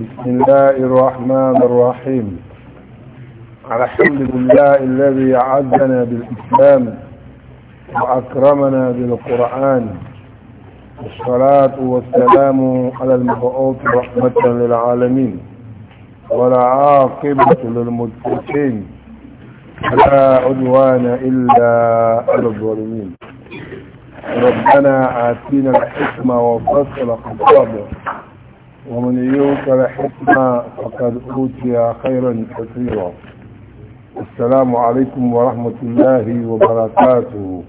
بسم الله الرحمن الرحيم الحمد لله الذي عزنا بالإسلام وأكرمنا بالقرآن والصلاة والسلام على المبعوث رحمة للعالمين ولا عاقبة للمتقين لا عدوان إلا على الظالمين ربنا آتينا الحكمة وفصل خطابه ومن يوق الحكمة فقد أوتي خيرا كثيرا السلام عليكم ورحمة الله وبركاته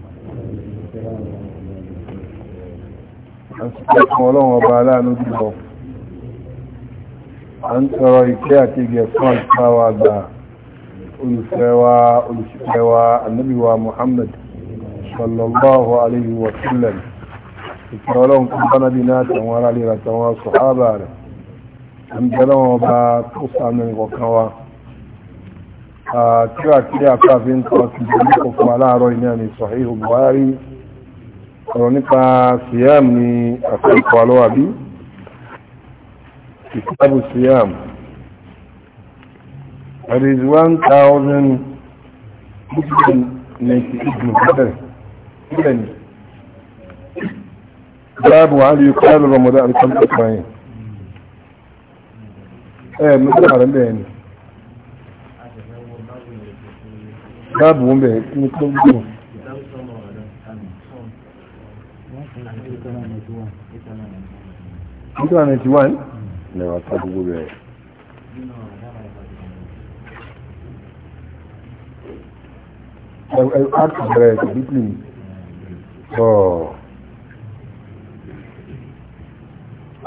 أسكتكم الله وبالا نجده أنت رأيكاتي جسمان سوا دا ألسوا ألسوا النبي ومحمد صلى الله عليه وسلم ìkẹrọlọ́run kún bá nábi náà tàwọn ará lè ràtàwọn sọ̀hábà rẹ̀ àmìjẹ́lọ́wọ́n bá tó sànú ìkọ̀kan wa tíra tí a káàfin kọ́ sí ìdílé kọ̀kan aláàárọ̀ iná ní Sahih Bukhari ọ̀rọ̀ nípa siam ní àkọ́kọ́ alọ́wàbí kitabu siam that is 1000 muslim 98 bẹ̀rẹ̀ باب وعلي يقال رمضان القلب أسمعين ايه من قرار اللي يعني باب ومبه نطلب بيه انتو عن انتوان لا اصحابه بيه أكثر بيتلي أوه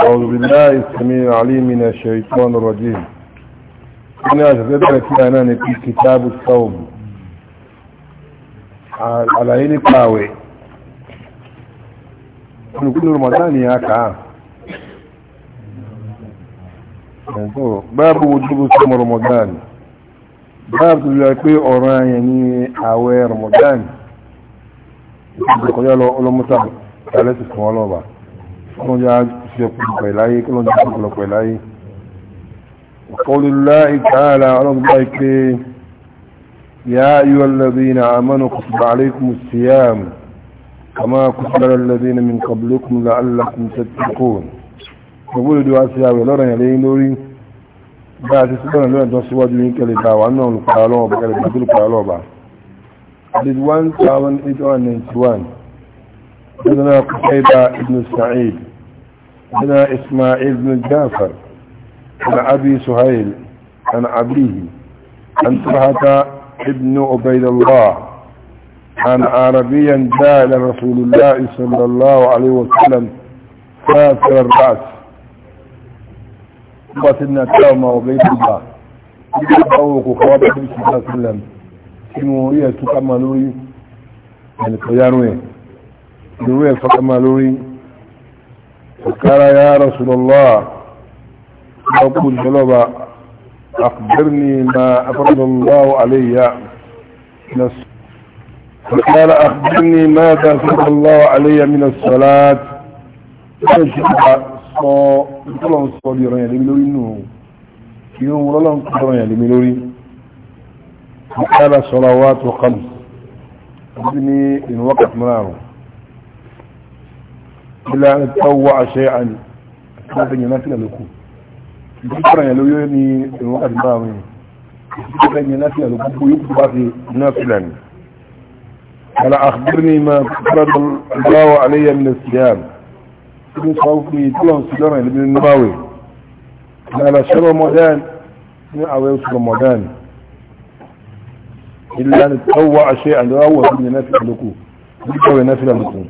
أعوذ بالله السميع العليم من الشيطان الرجيم أنا أشهد أن في كتاب الصوم على عين قاوي من كل رمضان يا باب وجوب صوم رمضان باب تلاقي أوران يعني أوي رمضان يقول له أولو مصاب ثلاثة سمالوبة jẹ́ púpọ̀ ìláyé kí lọ́nà púpọ̀ ìláyé وقول الله تعالى على ذلك يا أيها الذين آمنوا كتب عليكم الصيام كما كتب الذين من قبلكم لعلكم تتقون يقول دعاء سياوي لورا يلين لوري بعد سبحان الله دعاء سواد من كلي دعوة أنه القرالوبة كلي بدل القرالوبة حديث 1891 حدثنا قتيبة ابن سعيد هنا إسماعيل بن جعفر عن أبي سهيل عن أبيه عن طلحة ابن عبيد الله عن عربيا جاء إلى رسول الله صلى الله عليه وسلم فاكر الرأس وسنة كاما وبيت الله يتطوق خواب النبي صلى الله عليه وسلم كمورية مالوري يعني قيانوي نوية مالوري قال يا رسول الله أقول جلوبا أخبرني ما أفرض الله علي من فقال أخبرني ماذا أفرض الله علي من الصلاة فقال صلوات وخمس أخبرني إن وقت مناره ilá tọwọ́ àṣẹ àní láti yẹn láti lẹ́lẹ́kù ìdíkọ̀rọ̀ yẹn ló yóò ní ìwọ̀n àti máa wọ̀nyí ìdíkọ̀rọ̀ yẹn láti lẹ́lẹ́kù kú yóò bá fi náà sílẹ̀ ni ala akhbirni ma farada Allah alayya min as-siyam ibn sawfi tulon sidana ibn nabawi ala shara ramadan ni awe ramadan illa tawwa shay'an wa huwa min nafsi lakum bi tawwa nafsi lakum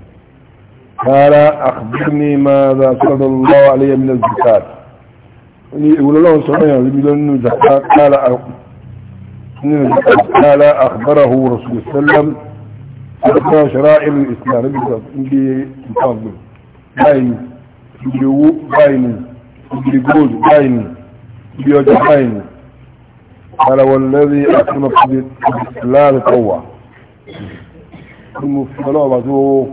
قال أخبرني ماذا فرض الله علي من الزكاة يقول الله سبحانه يقول زكاة قال قال أخبره رسول الله صلى الله عليه وسلم أخبر شرائع الإسلام اللي تفضل باين اللي هو باين اللي جوز باين اللي وجه باين قال والذي أكرمك بالإسلام قوة المفضل الله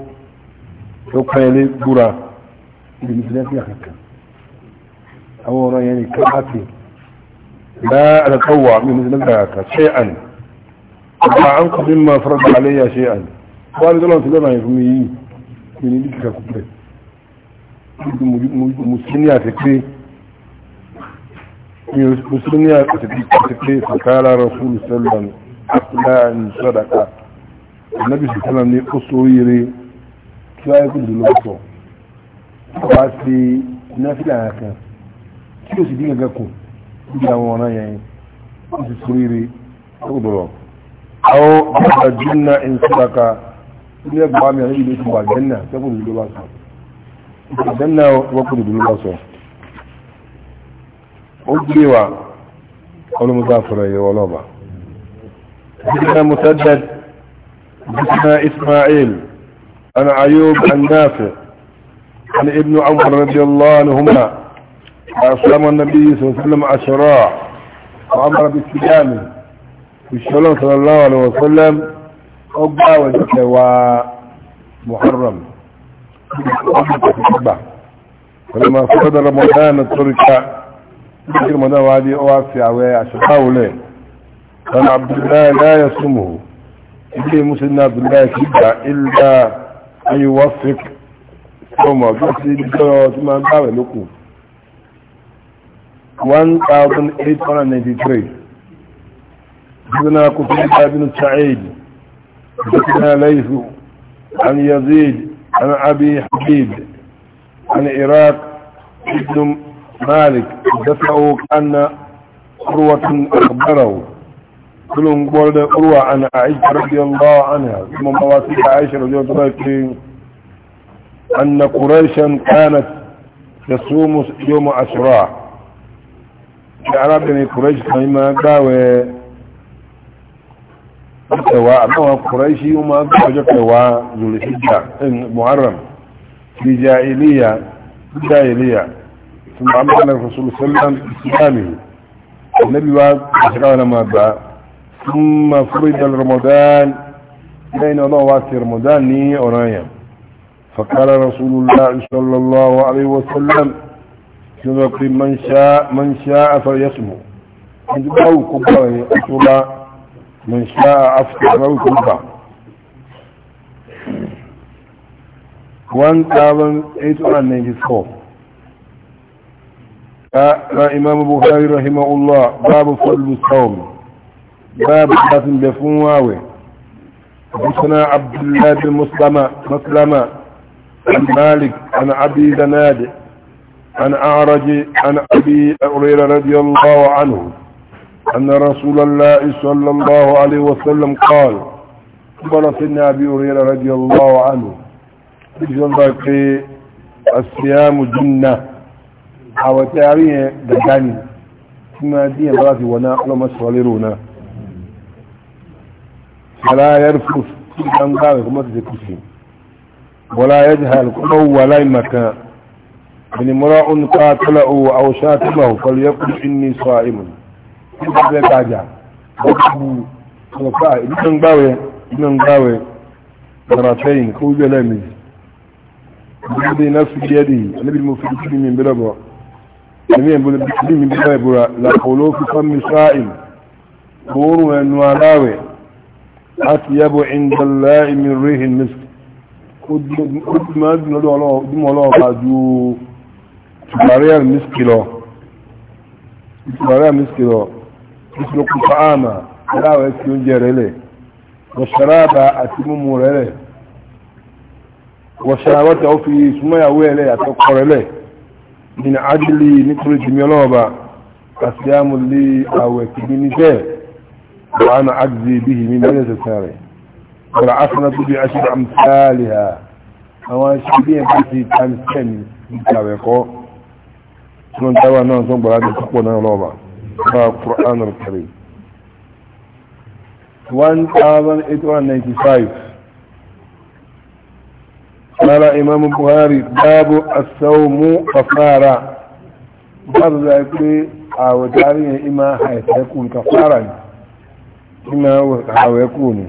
يقال برا بمثلات يخكا أورا يعني كعتي لا أتطوع من مثل ذلك شيئا لا أنقض مما فرض علي شيئا والد الله سلامه يفهمي من ذلك كبير مسلمية فكري مسلمية فكري فقال رسول الله صلى الله عليه وسلم أقلان صدقة النبي صلى الله عليه وسلم أصوري tí wáyé kò dùn lọ́wọ́ sọ wá sí nọ́fìlà kan tí o sì dín kankan kù níbi àwọn ọ̀ràn yẹn o sì sórí rí o dọ̀rọ̀. àwọn ọ̀gá júnà ń sọ̀rọ̀ ká ní ẹgbàá mi àwọn ìlú ti wà jẹ́nà tẹ́kùn dùn lọ́wọ́ sọ jẹ́nà wọ́n kò dùn lọ́wọ́ sọ. ó gbé wa ọlọ́mọdé àfọ̀rọ̀ yẹ wọ́n lọ́ba. jẹ́nà mùsàdàd jẹ́nà Ismail. عن عيوب عن نافع عن ابن عمر رضي الله عنهما أسلم النبي صلى الله عليه وسلم عشراء وأمر بالسلامه بالشلام صلى الله عليه وسلم أقبى وذكى ومحرم فلما فقد رمضان التركة في رمضان وهذه أواسع وعشراء له كان عبد الله لا يصومه إليه مسلم عبد الله كبه إلا أن see, the girl بجرى وثم أنقاوه لكم 1893 جبنا قتيبة بن سعيد جبنا ليث عن يزيد عن أبي حبيب عن إراق ابن مالك دفعه أن قروة أخبره كلهم قول قروة عن عائشة رضي الله عنها ثم مواسيح عائشة رضي الله عنها أن قريشا كانت تصوم يوم عشراء يعني قريش كما قاوة سواء ما قريش يوم أجل سواء ذو الحجة المعرم في جائلية في جائلية ثم عمل الرسول صلى الله عليه وسلم بإسلامه النبي بعد أشكال ما بعد ثم فرد رمضان بين الله واسي رمضان ني أرايا فقال رسول الله صلى الله عليه وسلم يذكر من شاء من شاء فليصمه أو كبره أصلا من شاء أفطر أو كبره 1894 قال إمام بخاري رحمه الله باب فضل الصوم باب خلاف بفون واوي حدثنا عبد الله بن مسلمة مسلمة عن مالك عن ابي زناد عن اعرج عن ابي هريره رضي الله عنه ان رسول الله صلى الله عليه وسلم قال قبل سيدنا ابي هريره رضي الله عنه بجنب في الصيام جنه او تعريه دجاني ثم دي بلاتي ونا لما سولرونا ولا يرفض كان قال كما تذكرين ولا يجهل قوم ولا مكان من مراء قاتله او شاتمه فليقل اني صائم كذا كاجا وقال ابن باوي ابن باوي مرتين كوجا لمي بيدي نفس بيدي النبي المفيد من بلبا النبي من بلبا لا قولوا في فم صائم قولوا انه علاوي أطيب عند الله من ريح المسك قدم أدنى دم الله قادو تباريا المسك له تباريا المسك له يسلق الطعام لا ويسلق جريله والشراب أتم مريله وشرابته في سمية ويله أتقر له من عدلي نتري جميلوبا قسيام لي أو كبني جيه وأنا أجزي به من ليس ساري والعصنة بعشر أمثالها أو شبيه بسي تنسين يتابقوا سنون توا نون سنون بلاد تقونا لوبا القرآن الكريم 1895 قال إمام البخاري باب الصوم كفارة باب ذلك أو تاريه إما حيث يكون كفارة مما يكون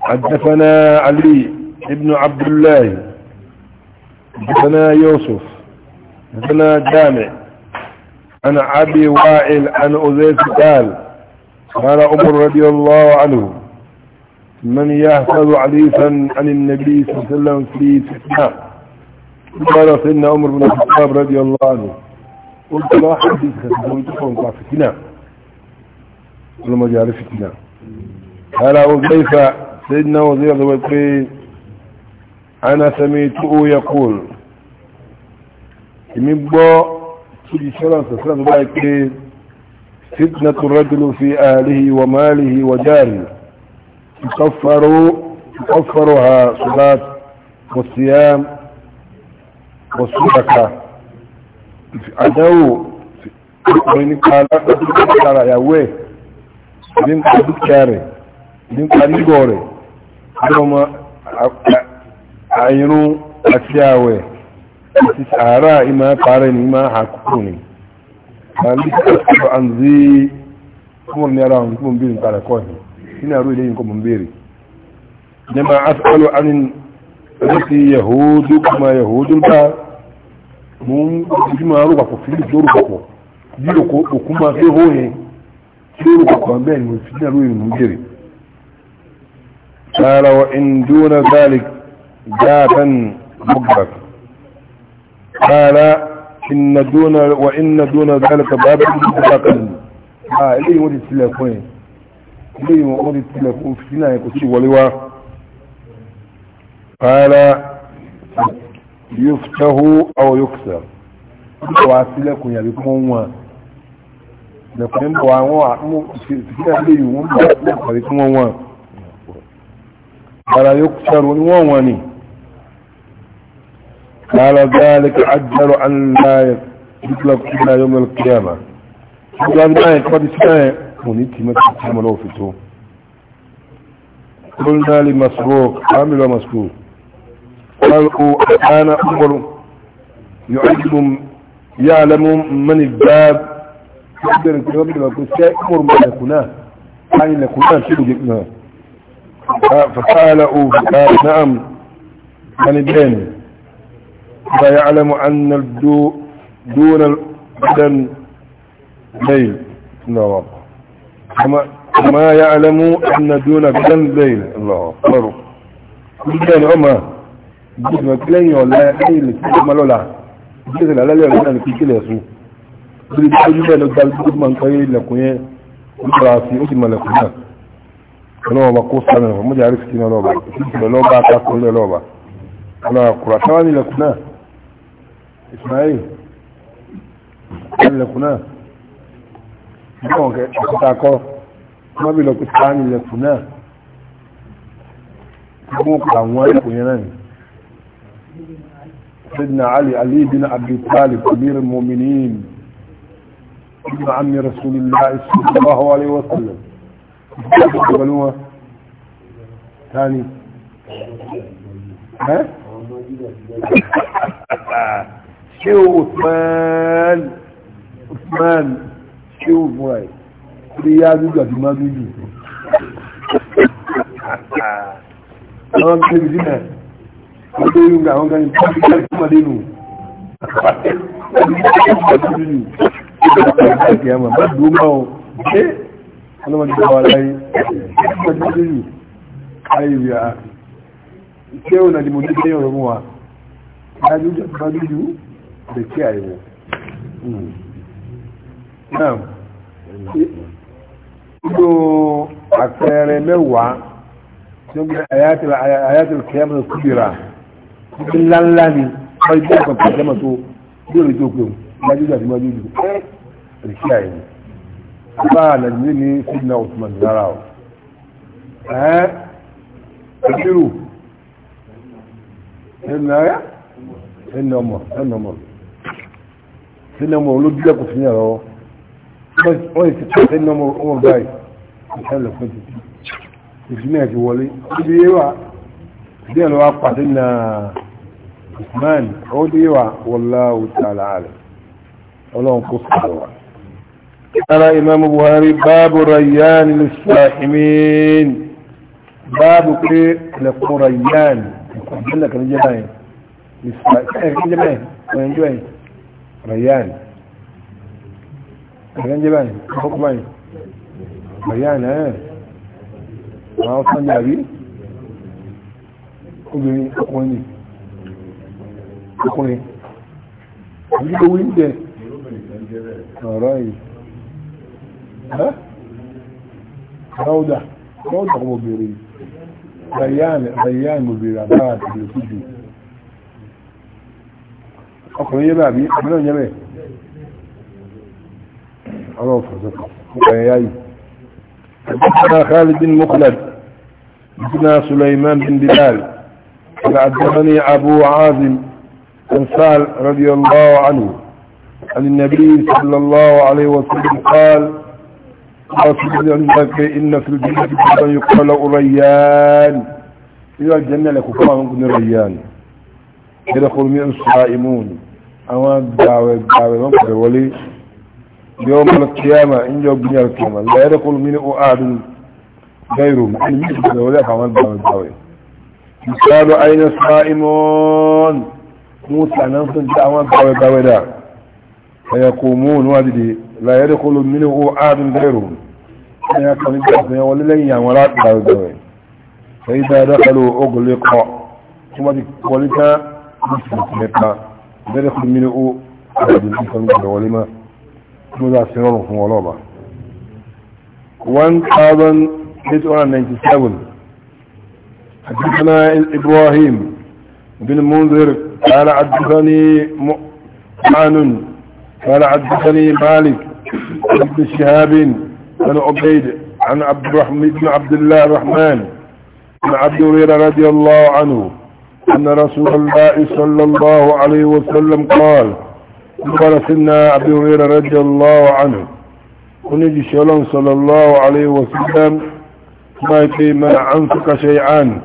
حدثنا علي ابن عبد الله حدثنا يوسف حدثنا جامع عن ابي وائل عن أزيز قال قال عمر رضي الله عنه من يحفظ حديثا عن النبي صلى الله عليه وسلم في فتنة قال سيدنا عمر بن الخطاب رضي الله عنه قلت له حديث كتبه لكم فتنة ọlọ́mọdé àrífi tìlà ara ọgbẹ́ ifá sẹ́yìn náà wọ́n zíyàtọ̀ wọ́n pé ana sami tó ó yẹ kúl èmi gbọ́ tí ìṣẹ́lá sọ̀sẹ́lá tó báyìí pé fitna tó rẹ́gùlù fi àhàlìhì wà máàlìhì wà jáàrì tukọ́fàrọ̀ ha sọ́lát wọ́síyàm wọ́súdàkà àdáwò ọ̀rìn nípa alákọ̀ọ́sí nípa dúkìá rẹ̀ nípa rígọ̀ rẹ̀ lọ́mọ àìrún àti àwẹ̀ àti sàárà ìmọ̀ àpárẹ̀ ní ìmọ̀ àkókò ni àlùkò àǹzí kúmọ̀ ní ara àwọn kúmọ̀ bèèrè nípa rẹ̀kọ́ ni nínú àrú ilé yìí kúmọ̀ bèèrè nípa asọ́lọ́ àní rẹ̀kì yahudu kúmọ̀ yahudu bá mú ìjúmọ̀ arúgbàpọ̀ fílì lórúkọ̀pọ̀ bí òkú máa fi hóyìn lórí kọ̀kan bẹ́ẹ̀ ni mo fi dẹ̀rú ìrìnmú jèrè sára wa in dúnà zalik játan mugbàk sára wa in na dúnà zalik bábí mutakan a ilé ìwọ́n ti tilẹ̀ fún ẹ̀ ilé ìwọ́n ti tilẹ̀ fún fìtínà ẹ̀ kò sí wọlé wá sára yóò fitahu aw yóò kìsà wọ́n wá sílẹ̀kùn yàbí kún wọn lẹ́kùnrin bọ̀ àwọn àmúfìsílẹ̀ lè yìí wọ́n bọ̀ lẹ́kùnrin tí wọ́n wọ́n ara yóò ṣẹ̀rù ní wọ́n wọ́n ni قال ذلك أجل أن لا يطلق إلا يوم القيامة قال ما يقبل سنة ونيت ما تتعلم له في تو قلنا لمسروق عامل ومسروق قالوا أنا أمر يعلم يعلم من الباب wọ́n bẹ̀rẹ̀ pé wọ́n bẹ̀rẹ̀ pé ṣé mọ̀rọ̀ mọ̀ lẹ̀kùn náà káyì lẹ̀kùn náà tí kò jẹ́ náà fàtàlà ó fàtà náà wani bẹ́ẹ̀ ni ba ya alamu annal dónar dan lail nawa kuma ya alamu annal dónar dan lail nawa faru bẹ́ẹ̀ ni ọmọ gbogbo ẹ̀kílẹ̀yìn ọ̀la ẹ̀yìn lè kí ọmọ lọ́la gbẹ́sẹ̀ lálẹ́ ọ̀la ní kíkílẹ̀ sùn lórí tí ojú bẹ́ẹ̀ lọ gba ojú máa ń kọ́ yé ilẹ̀kùn yẹn ó bọ̀rọ̀ àti ó sì mọ ilẹ̀kùn náà ọlọ́wọ́ bá kó sáré náà mọ́jà àrísì kí náà lọ́ọ̀bà ìṣẹ̀lẹ̀ lọ́ọ̀bà akáko lẹ́ lọ́ọ̀bà ọlọ́wọ́ àkùrà táwọn ní ilẹ̀kùn náà Ismail ilẹ̀kùn náà bọ́ọ̀ kẹ́ ọ̀kọ́ta kọ́ wọ́n bí lọ́kùn táwọn ilẹ̀kùn náà wọ́n pa àwọn ilẹ̀kùn yẹn náà ni سيدنا علي علي بن أبي طالب أمير المؤمنين ابن عم رسول الله صلى الله عليه وسلم قبلوها ثاني ها شو عثمان عثمان شو بواي رياض قد ما بيجي تمام كده جدا هذا يوم قاعد كان يتكلم مدينه kìyàmà bá dùn máa o ṣe ọlọ́mọdé bá wà láyé ọjọ́ lórí ayé rí a ṣé ò nàdí mo ní ṣe ọ̀rọ̀ mú wa dájú jẹ́ bá dúdú lè kí àìwò náà gbogbo àpẹẹrẹ mẹ́wàá tí ó gbé àyátìlá kìyàmà kúbìrà ńláńlá ni wọ́n gbé ọ̀pọ̀ tó bí òrìṣẹ́ òpin májújú àti májújú èsì àyẹ̀wò bá nàìjíríà ní sidna Usman rárá o ẹ́ ẹ̀kírù ẹ̀nàyà ẹ̀nàmọ̀ ẹ̀nàmọ̀ ẹ̀nàmọ̀ olójúlẹ̀ kò fi yàrá wọ́n yìí ti tẹ́ ẹ̀nàmọ̀ ọmọ báyìí ìṣẹ̀lẹ̀ fún ti ìṣú náà ti wọlé ọdún yé wa ìdí ẹ̀lọ́wà pàdé na Usman ọdún yé wa wallahu ta'ala alim ọlọ́run kò sọ̀rọ̀ wa. ara imam buhari báàbù rayyan lissahimin báàbù pé lẹ́kùn rayyan ìkọ̀jẹ́lẹ̀ kan jẹ́ báyìí lissahimin jẹ́ báyìí ọ̀yẹ́ jẹ́ báyìí rayyan ọ̀yẹ́ jẹ́ báyìí ọkọ̀ báyìí rayyan ẹ̀ àwọn sọ́njà rí obìnrin ọkùnrin ọkùnrin àbí owó ń jẹ́ رأي ها رودة رودة مبيري ريان ريان مبيري بعد بيسجي أخرى يا بابي من وين جاي الله فزك رياي أنا خالد بن مخلد ابن سليمان بن بلال فأعجبني أبو عازم أنصال رضي الله عنه عن النبي صلى الله عليه وسلم قال أصبحت أنك إن في الجنة بابا يقال ريان إذا الجنة لك من بن ريان يدخل من الصائمون أما الدعوة الدعوة نقر ولي يوم القيامة إن جواب بني القيامة لا يدخل يعني من أحد غيرهم يعني مثل ولا فهم الدعوة الدعوة يقال أين الصائمون موسى نفسه الدعوة الدعوة الدعوة فيقومون وادي لا يدخل منه عاد غيرهم فيقوم بأسنا وللين ولا تدعوين فإذا دخلوا أغلق ثم ولتا مسلمتا يدخل منه عاد الإنسان ولما ثم ذا سنرهم ولوبا 1897 حدثنا إبراهيم بن منذر قال حدثني مؤمن قال حدثني مالك بن شهاب بن عبيد عن عبد الرحمن بن عبد الله الرحمن عن عبد هريره رضي الله عنه أن رسول الله صلى الله عليه وسلم قال قال سيدنا عبد هريرة رضي الله عنه ونجي شلون صلى الله عليه وسلم ما يكي ما أنفق شيئا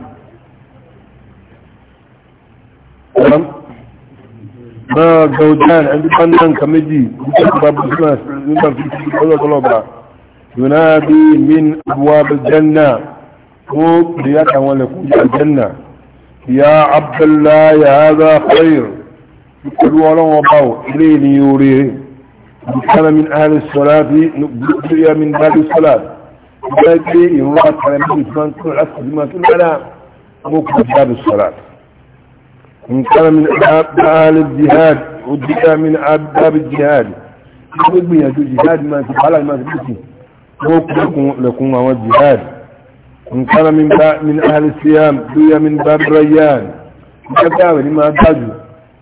ما جودان عند كمدي باب الناس نقدر في كل طلبة ينادي من أبواب الجنة فوق وبيات أول الجنة يا عبد الله هذا خير كل ولا وباو إليه ليوريه كان من أهل الصلاة نقدر من باب الصلاة إن يروح على من يتمنى كل ما كل على مو باب الصلاة إن كان من أبال الجهاد وجاء من أباب الجهاد يقول يا جهاد ما تفعل ما تبكي لكم لكم هو الجهاد إن كان من من أهل الصيام جاء من باب ريان كتاب لما تجو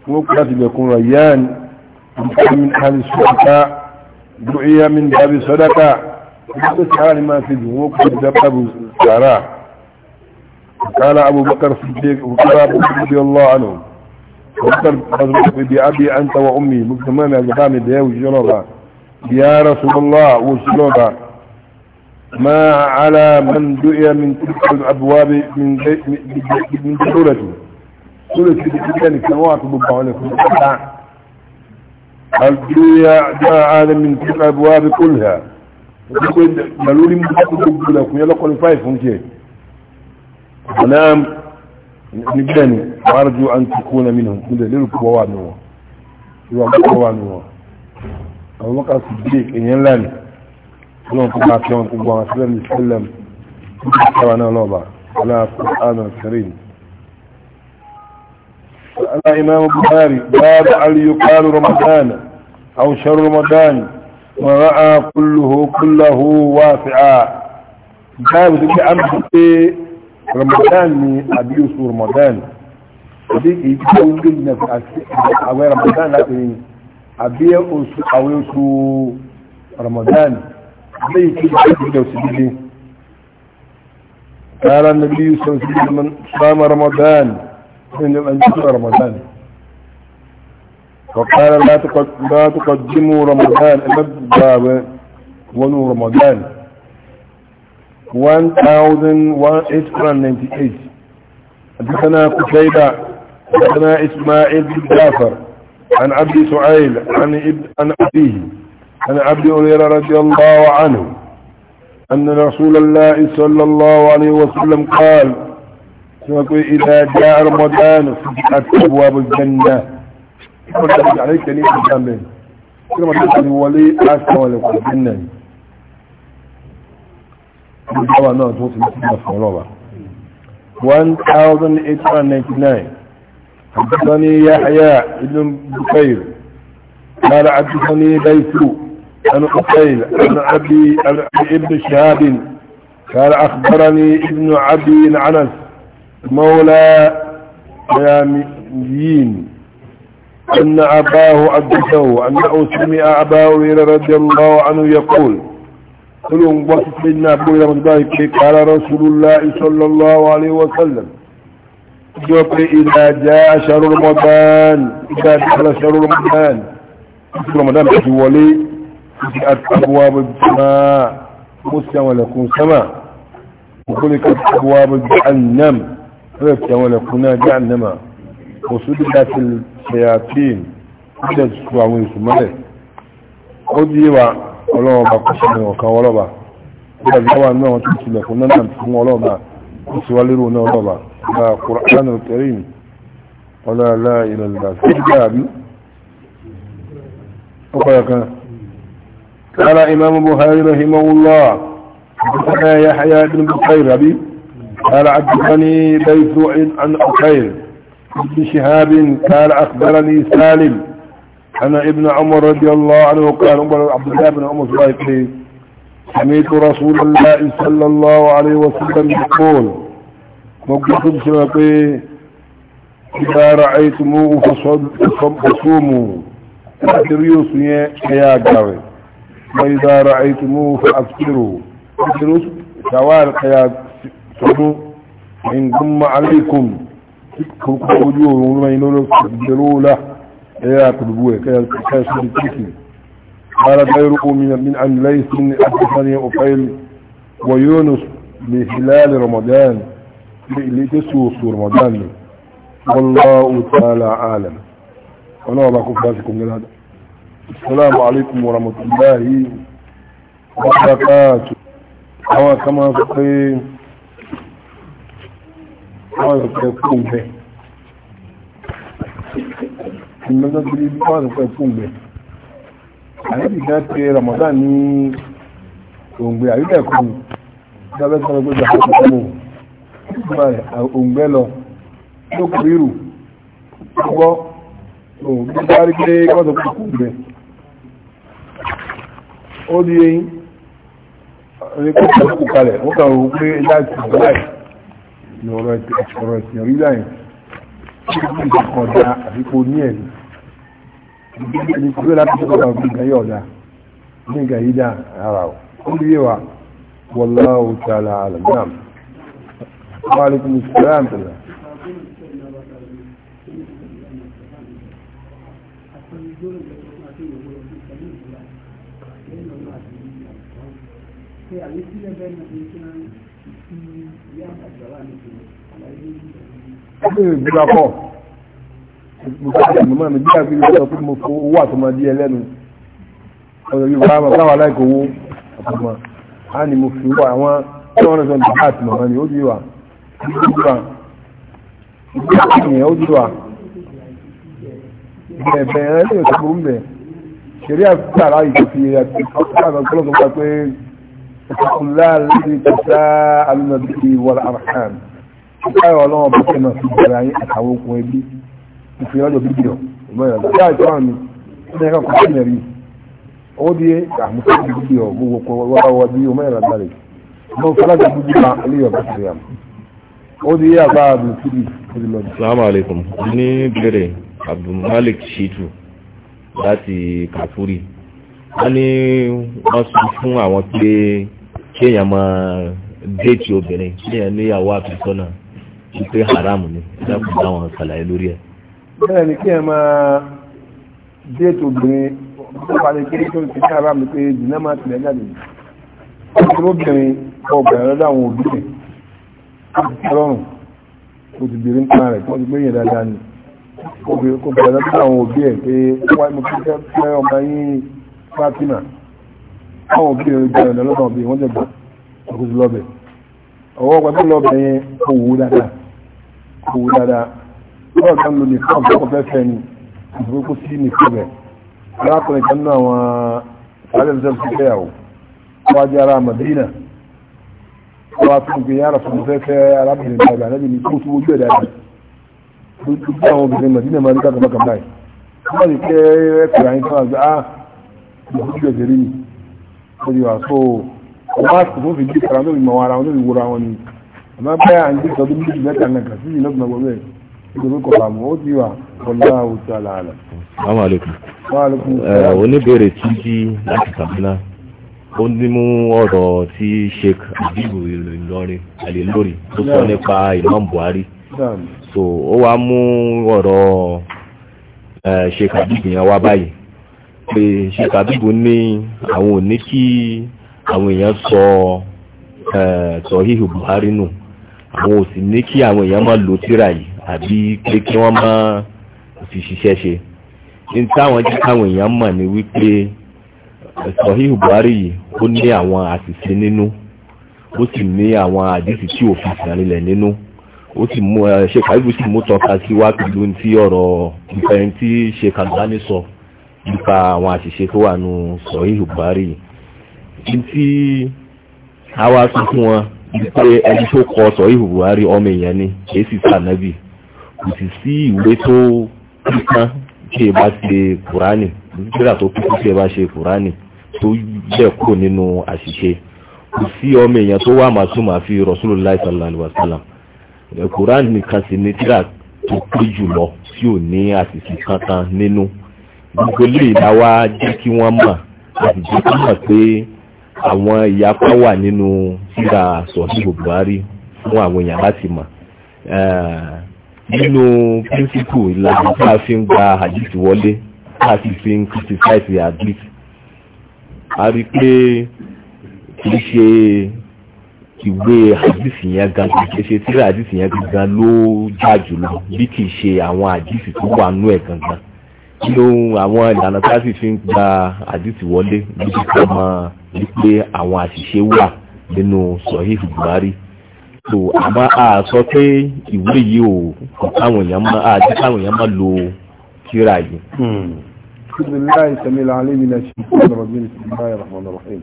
وكتب لكم ريان إن كان من أهل الصدقة دعي من باب الصدقة وكتب لما تجو وكتب باب الصدقة قال أبو بكر الصديق رضي الله عنه بكر بأبي أنت وأمي مجتمعنا الغامي ده وشلوغا يا رسول الله وشلوغا ما على من دعي من تلك الأبواب من من دولته دولته كان سنوات ببعونك هل دعي دعا من تلك الأبواب كلها يقول ملولي مكتب لكم يلقوا الفايف مكتب أنام نجاني وأرجو أن تكون منهم كل ليل كوانوا كوانوا أو مقع صديق إن يلاني اللهم صل على سيدنا محمد صلى الله عليه وسلم سبحانه الله على القرآن الكريم على إمام البخاري باب هل يقال رمضان أو شهر رمضان ورأى كله كله واسعا باب ذكر أمس رمضان ني ابي سور رمضان ديك يكون دي نفس اوي رمضان لكن ابي او رمضان دي كده دي سيدي قال النبي صلى الله عليه وسلم صام رمضان من ان رمضان وقال لا تقدموا رمضان الا باب ونور رمضان. 1898 حدثنا قتيبة حدثنا إسماعيل بن جعفر عن عبد سعيل عن ابن عن أبيه عن عبد هريرة رضي الله عنه أن رسول الله صلى الله عليه وسلم قال إذا جاء رمضان فتحت أبواب الجنة عليك نية الجنة كما تقول ولي أسوى لك الجنة ìjọba náà tó ti mọ́sílẹ̀ fún ọlọ́wà 1899 حدثني يحيى بن بكير قال حدثني ليث عن قتيل عن ابي ابن شهاب قال اخبرني ابن عبي عنس مولى يامين ان اباه حدثه انه سمع ابا هريره رضي الله عنه يقول كلهم بوحث سيدنا أبو يرمضان قال رسول الله صلى الله عليه وسلم جوك إذا جاء شهر رمضان إذا دخل شهر رمضان شهر رمضان ولي فتحت أبواب السماء مسلم ولكم سماء وخلقت أبواب جهنم فلت لكم جهنم وسدلت الشياطين قد تسمعون سمعه قد يبقى ọlọ́ọ̀bà kò ṣe ní ọ̀kan ọlọ́ọ̀bà nígbàtí wà náà tó tilẹ̀ fún náà fún ọlọ́ọ̀bà ó sì wá lérò náà ọlọ́ọ̀bà ọ̀la kùrán kẹrin ọ̀la alá ilẹ̀ ìlà sí ìgbà àbí ọkọ̀ yà kan kára imam buhari rahimahullah حدثنا يحيى بن بكير أبي قال حدثني بيت عن أخير بن شهاب قال أخبرني سالم أنا ابن عمر رضي الله عنه قال عمر عبد الله بن عمر صلى سمعت رسول الله صلى الله عليه وسلم يقول مقصد سنقي إذا رأيتموه فصوموا فأتريوا سنية قاوي وإذا رأيتموه فأفكروا فأتريوا شوارق يا صدو إن قم عليكم تكفوا وجوههم وما ينولوا له يا كدبوه كاس التركي قال غيره من من عن ليس من حدثني أفيل ويونس لهلال رمضان لتسوس رمضان والله تعالى عالم ونوع لكم فاسكم من هذا السلام عليكم ورحمة الله وبركاته هو كما تقول هو يقول به sí lọ́jọ́ bí wọ́n sọ pé fún ìgbẹ́ àyẹ̀bí kan ṣe Ramadan ní òǹgbẹ àyẹ̀bẹ̀kù dábẹ́ sọ́rọ̀ pé jàpọ̀ fún òun nígbà rẹ̀ lọ ló kù gbọ́ òun bí pé wọ́n sọ pé ó di eyín ní kó kó kalẹ̀ wọ́n kàn wọ́n pé láti ìgbàláì ní ọ̀rọ̀ ìsìn orílẹ̀ yìí kí ní ẹ̀yìn ẹni tí ó láti ṣe ọ̀rọ̀ nǹkan ní nǹkan ara ọ̀ ó lè wà wọláwó tààlà alàmìnàmù wà ní kí mùsùlùmí mo fẹ́ kí màmá mi bí àfi sọ pé mo fọ owó àtọmọdé ẹlẹ́nu ọ̀rọ̀ yorùbá bàbá wa láìkò owó àtọmọ á ní mo fi owó àwọn tí wọ́n sọ bàbá àti màmá mi ó di wa ó di wa ìgbé àkànyẹ̀ lè sọ fún bẹ́ẹ̀ ṣeré àfikún àrà àti ọkọ̀ àgbà gbọ́dọ̀ gbà pé اتقوا ìfìyà ọjọ́ bíbí lọ ìmọ̀ràn àgbà àti àwọn mi ní ẹ̀ka kò tẹ̀lé rí owó di àmúfẹ́ bíbí lọ gbogbo kọ wọ́wọ́ bí ìmọ̀ràn àgbà rẹ̀ mọ fọlájà bíbí ma eléyìí ọ̀gá ní bẹ̀rẹ̀ abdulmalik shitu láti kàfúrì wọ́n ní wọ́n sọ fún àwọn pé kéèyàn máa déètì obìnrin kéèyàn níyàwó àfẹ́sọ́nà wípé haram ni ẹ̀dá kò bá wọn ṣàlàyé lórí ẹ̀ bẹ́ẹ̀ ni kí ẹ máa déètò obìnrin tó bá lè kéré tó ti kára mi pé jìnnà máa tilẹ̀ jáde ọkùnrin obìnrin ọgbẹ̀rẹ̀ lọ́dọ̀ àwọn òbí rẹ̀ ọlọ́run kò sì bèrè nípa rẹ̀ tó ti gbé yẹn dáadáa ni kò bẹ̀rẹ̀ lọ́dọ̀ àwọn òbí ẹ̀ pé wáyé mo fẹ́ fẹ́ ọmọ yín Fatima àwọn òbí rẹ̀ bẹ̀rẹ̀ lọ́dọ̀ òbí wọ́n jẹ̀gbọ́n kò sì lọ́bẹ̀ ọwọ́ ọgbà tó lọ́bẹ̀ yẹn kò wú lọ́wọ́ kan lò nìkan tó kọfẹ́ fẹ́ ni ìdúrókó sí nìkan bẹ̀ arákùnrin kan náà wọn sáré lọ́sẹ̀ sí fẹ́ yàwó wọ́n jẹ́ ara Madina wọ́n tún gbé yàrá fún fẹ́ fẹ́ arábìnrin báyìí alábi ní kó tún ojú ẹ̀ dáadáa lójú bí àwọn obìnrin Madina máa ń ká kàmákà báyìí wọ́n lè kẹ́ ẹ̀kọ́ àyín fún àgbà á ìdúrókó ẹ̀ tẹ̀lé ni wọ́n ti wà so wọ́n á sùn tó fi gbé kàrà lórí mọ̀ ara wọn lórí wúra wọn ni àmọ́ báyà ń gbé sọdún méjì mẹ́ta nǹkan sí ìlọ́gbọ̀n gbọ́dọ̀ ìdòwúkọ̀ àmọ́ ó ti wà ọ̀la òtí àlàálà. Àwọn àlòkù. Oníbèrè tí jí láti Kàbínà, ó ní mú ọ̀rọ̀ tí Sheikh Abibu Ìlọrin Àlè lórí tó sọ nípa Imam Buhari. So ó wá mú ọ̀rọ̀ Sheikh Abibu yẹn wá báyìí. Pé Sheikh Abibu ní àwọn ò ní kí àwọn èèyàn sọ sọ híhù Buhari nù. Àwọn ò sì ní kí àwọn èèyàn máa lò tíra yìí àbí pé kí wọ́n má fi ṣiṣẹ́ ṣe ní táwọn jẹ́ káwọn èèyàn mọ̀ ní wípé eh, sọ̀híhù buhari yìí ó ní àwọn àṣìṣe nínú ó sì ní àwọn àdìsí tí ò fi sàrìlẹ̀ nínú ó sì mú ẹ ṣe kàlífù sì mú tọ́ka sí wá pẹ̀lú ti ọ̀rọ̀ ìfẹ̀yìn tí ṣe kàlùbáni sọ nípa àwọn àṣìṣe tó wà nù sọ̀híhù buhari yìí tí a wá sọ fún wọn wípé ẹni tó kọ sọ̀híhù buhari ọmọ èèyàn ni kì í kò sì sí ìwé tó kíkan tí ẹ bá ṣe kùránì nígbà tó kíkú tí ẹ bá ṣe kùránì tó bẹ̀ kó nínú àṣìṣe kò sí ọmọ èèyàn tó wà màsúmà fi Rasulullah sallallahu alaihi wasallam kùránì nìkan sì ní tíra tó pé jùlọ tí ò ní àṣìṣe kankan nínú gbogbo eléyìí la wá jẹ́ kí wọ́n mọ̀ àti jẹ́ kí wọ́n mọ̀ pé àwọn ìyapa wà nínú síra sọ̀hìn Buhari fún àwọn èèyàn láti mọ̀ nínú píríncípù ìlànà tá a fi ń gba hadith wọlé tá a sì fi ń criticize hadith a rí i pé kì í ṣe ìwé hadith yẹn gangan kì í ṣe tíra hadith yẹn gangan ló jà jùlọ bí kì í ṣe àwọn hadith tó wà nú ẹ̀ gangan nínú àwọn ìlànà tá a sì fi ń gba hadith wọlé ló ti kọ́ mọ́ wípé àwọn àṣìṣe wà nínú sọ̀hífù Buhari so àmọ́ a sọ pé ìwé yìí ò káwọn èèyàn máa a jẹ́ káwọn èèyàn máa lo kíra yìí. بسم الله السميع العليم من الشيطان الرجيم بسم الله الرحمن الرحيم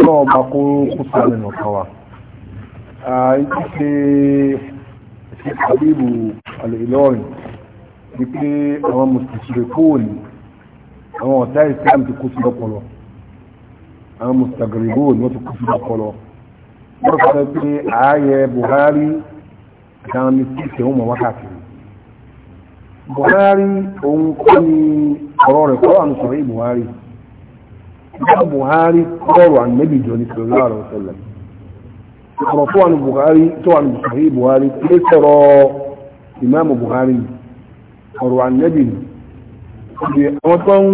ọlọ́wọ́ bá kó kó sáré nìkan wa ṣe ṣe àbíbù alìlọ́rin ní pé àwọn mùsùlùmí fóònù àwọn ọ̀tá ìsìlámù ti kó sí lọ́pọ̀lọ́ àwọn mùsùlùmí fóònù wọ́n ti kó sí lọ́pọ̀lọ́ wọ́n sọ pé ààyè Buhari àtàwọn mìsí ìṣẹ̀hún mọ̀ wákàtí Buhari òun kọ́ ni ọ̀rọ̀ rẹ̀ kọ́ àmì sọ̀rọ̀ Buhari ìjọba Buhari kọ́rọ̀ ànẹ́bì jọ ní sọ̀rọ̀ láàrọ̀ sọ̀lẹ̀ ọ̀rọ̀ tó wà ní Buhari tó wà ní sọ̀rọ̀ Buhari lè sọ̀rọ̀ ìmáàmù Buhari ọ̀rọ̀ ànẹ́bì ni àwọn tó ń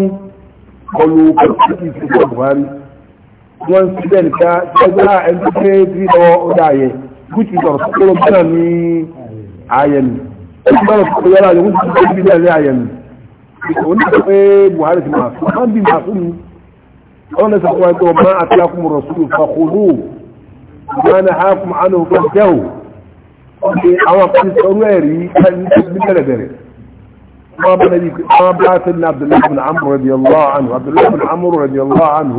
kọlu kọ́kọ́ wọ́n ń síbẹ̀ nìkan ẹgbẹ́ ẹni tó fẹ́ bí lọ́wọ́ ó dá yẹ gúúsù sọ̀rọ̀ tó kọ́lọ́ bí náà ní ààyè nì ó ti bọ́lọ̀ tó yára yẹ gúúsù tó bí náà ní ààyè nì ó ní sọ pé Buhari ti máa fún máa bí máa fún mi ọ̀rọ̀ lẹ́sọ̀ fún wa pé ọmọ àti akùn rọ̀ sùn fàkúrú ìgbà náà àkùn àná ọgbọ́n jẹ́wò àwọn kan sọ̀rọ̀ ẹ̀rí ní bẹ̀rẹ̀ bẹ̀rẹ̀ ما بلا سيدنا عبد الله بن عمرو رضي الله عنه عبد الله بن عمرو رضي الله عنه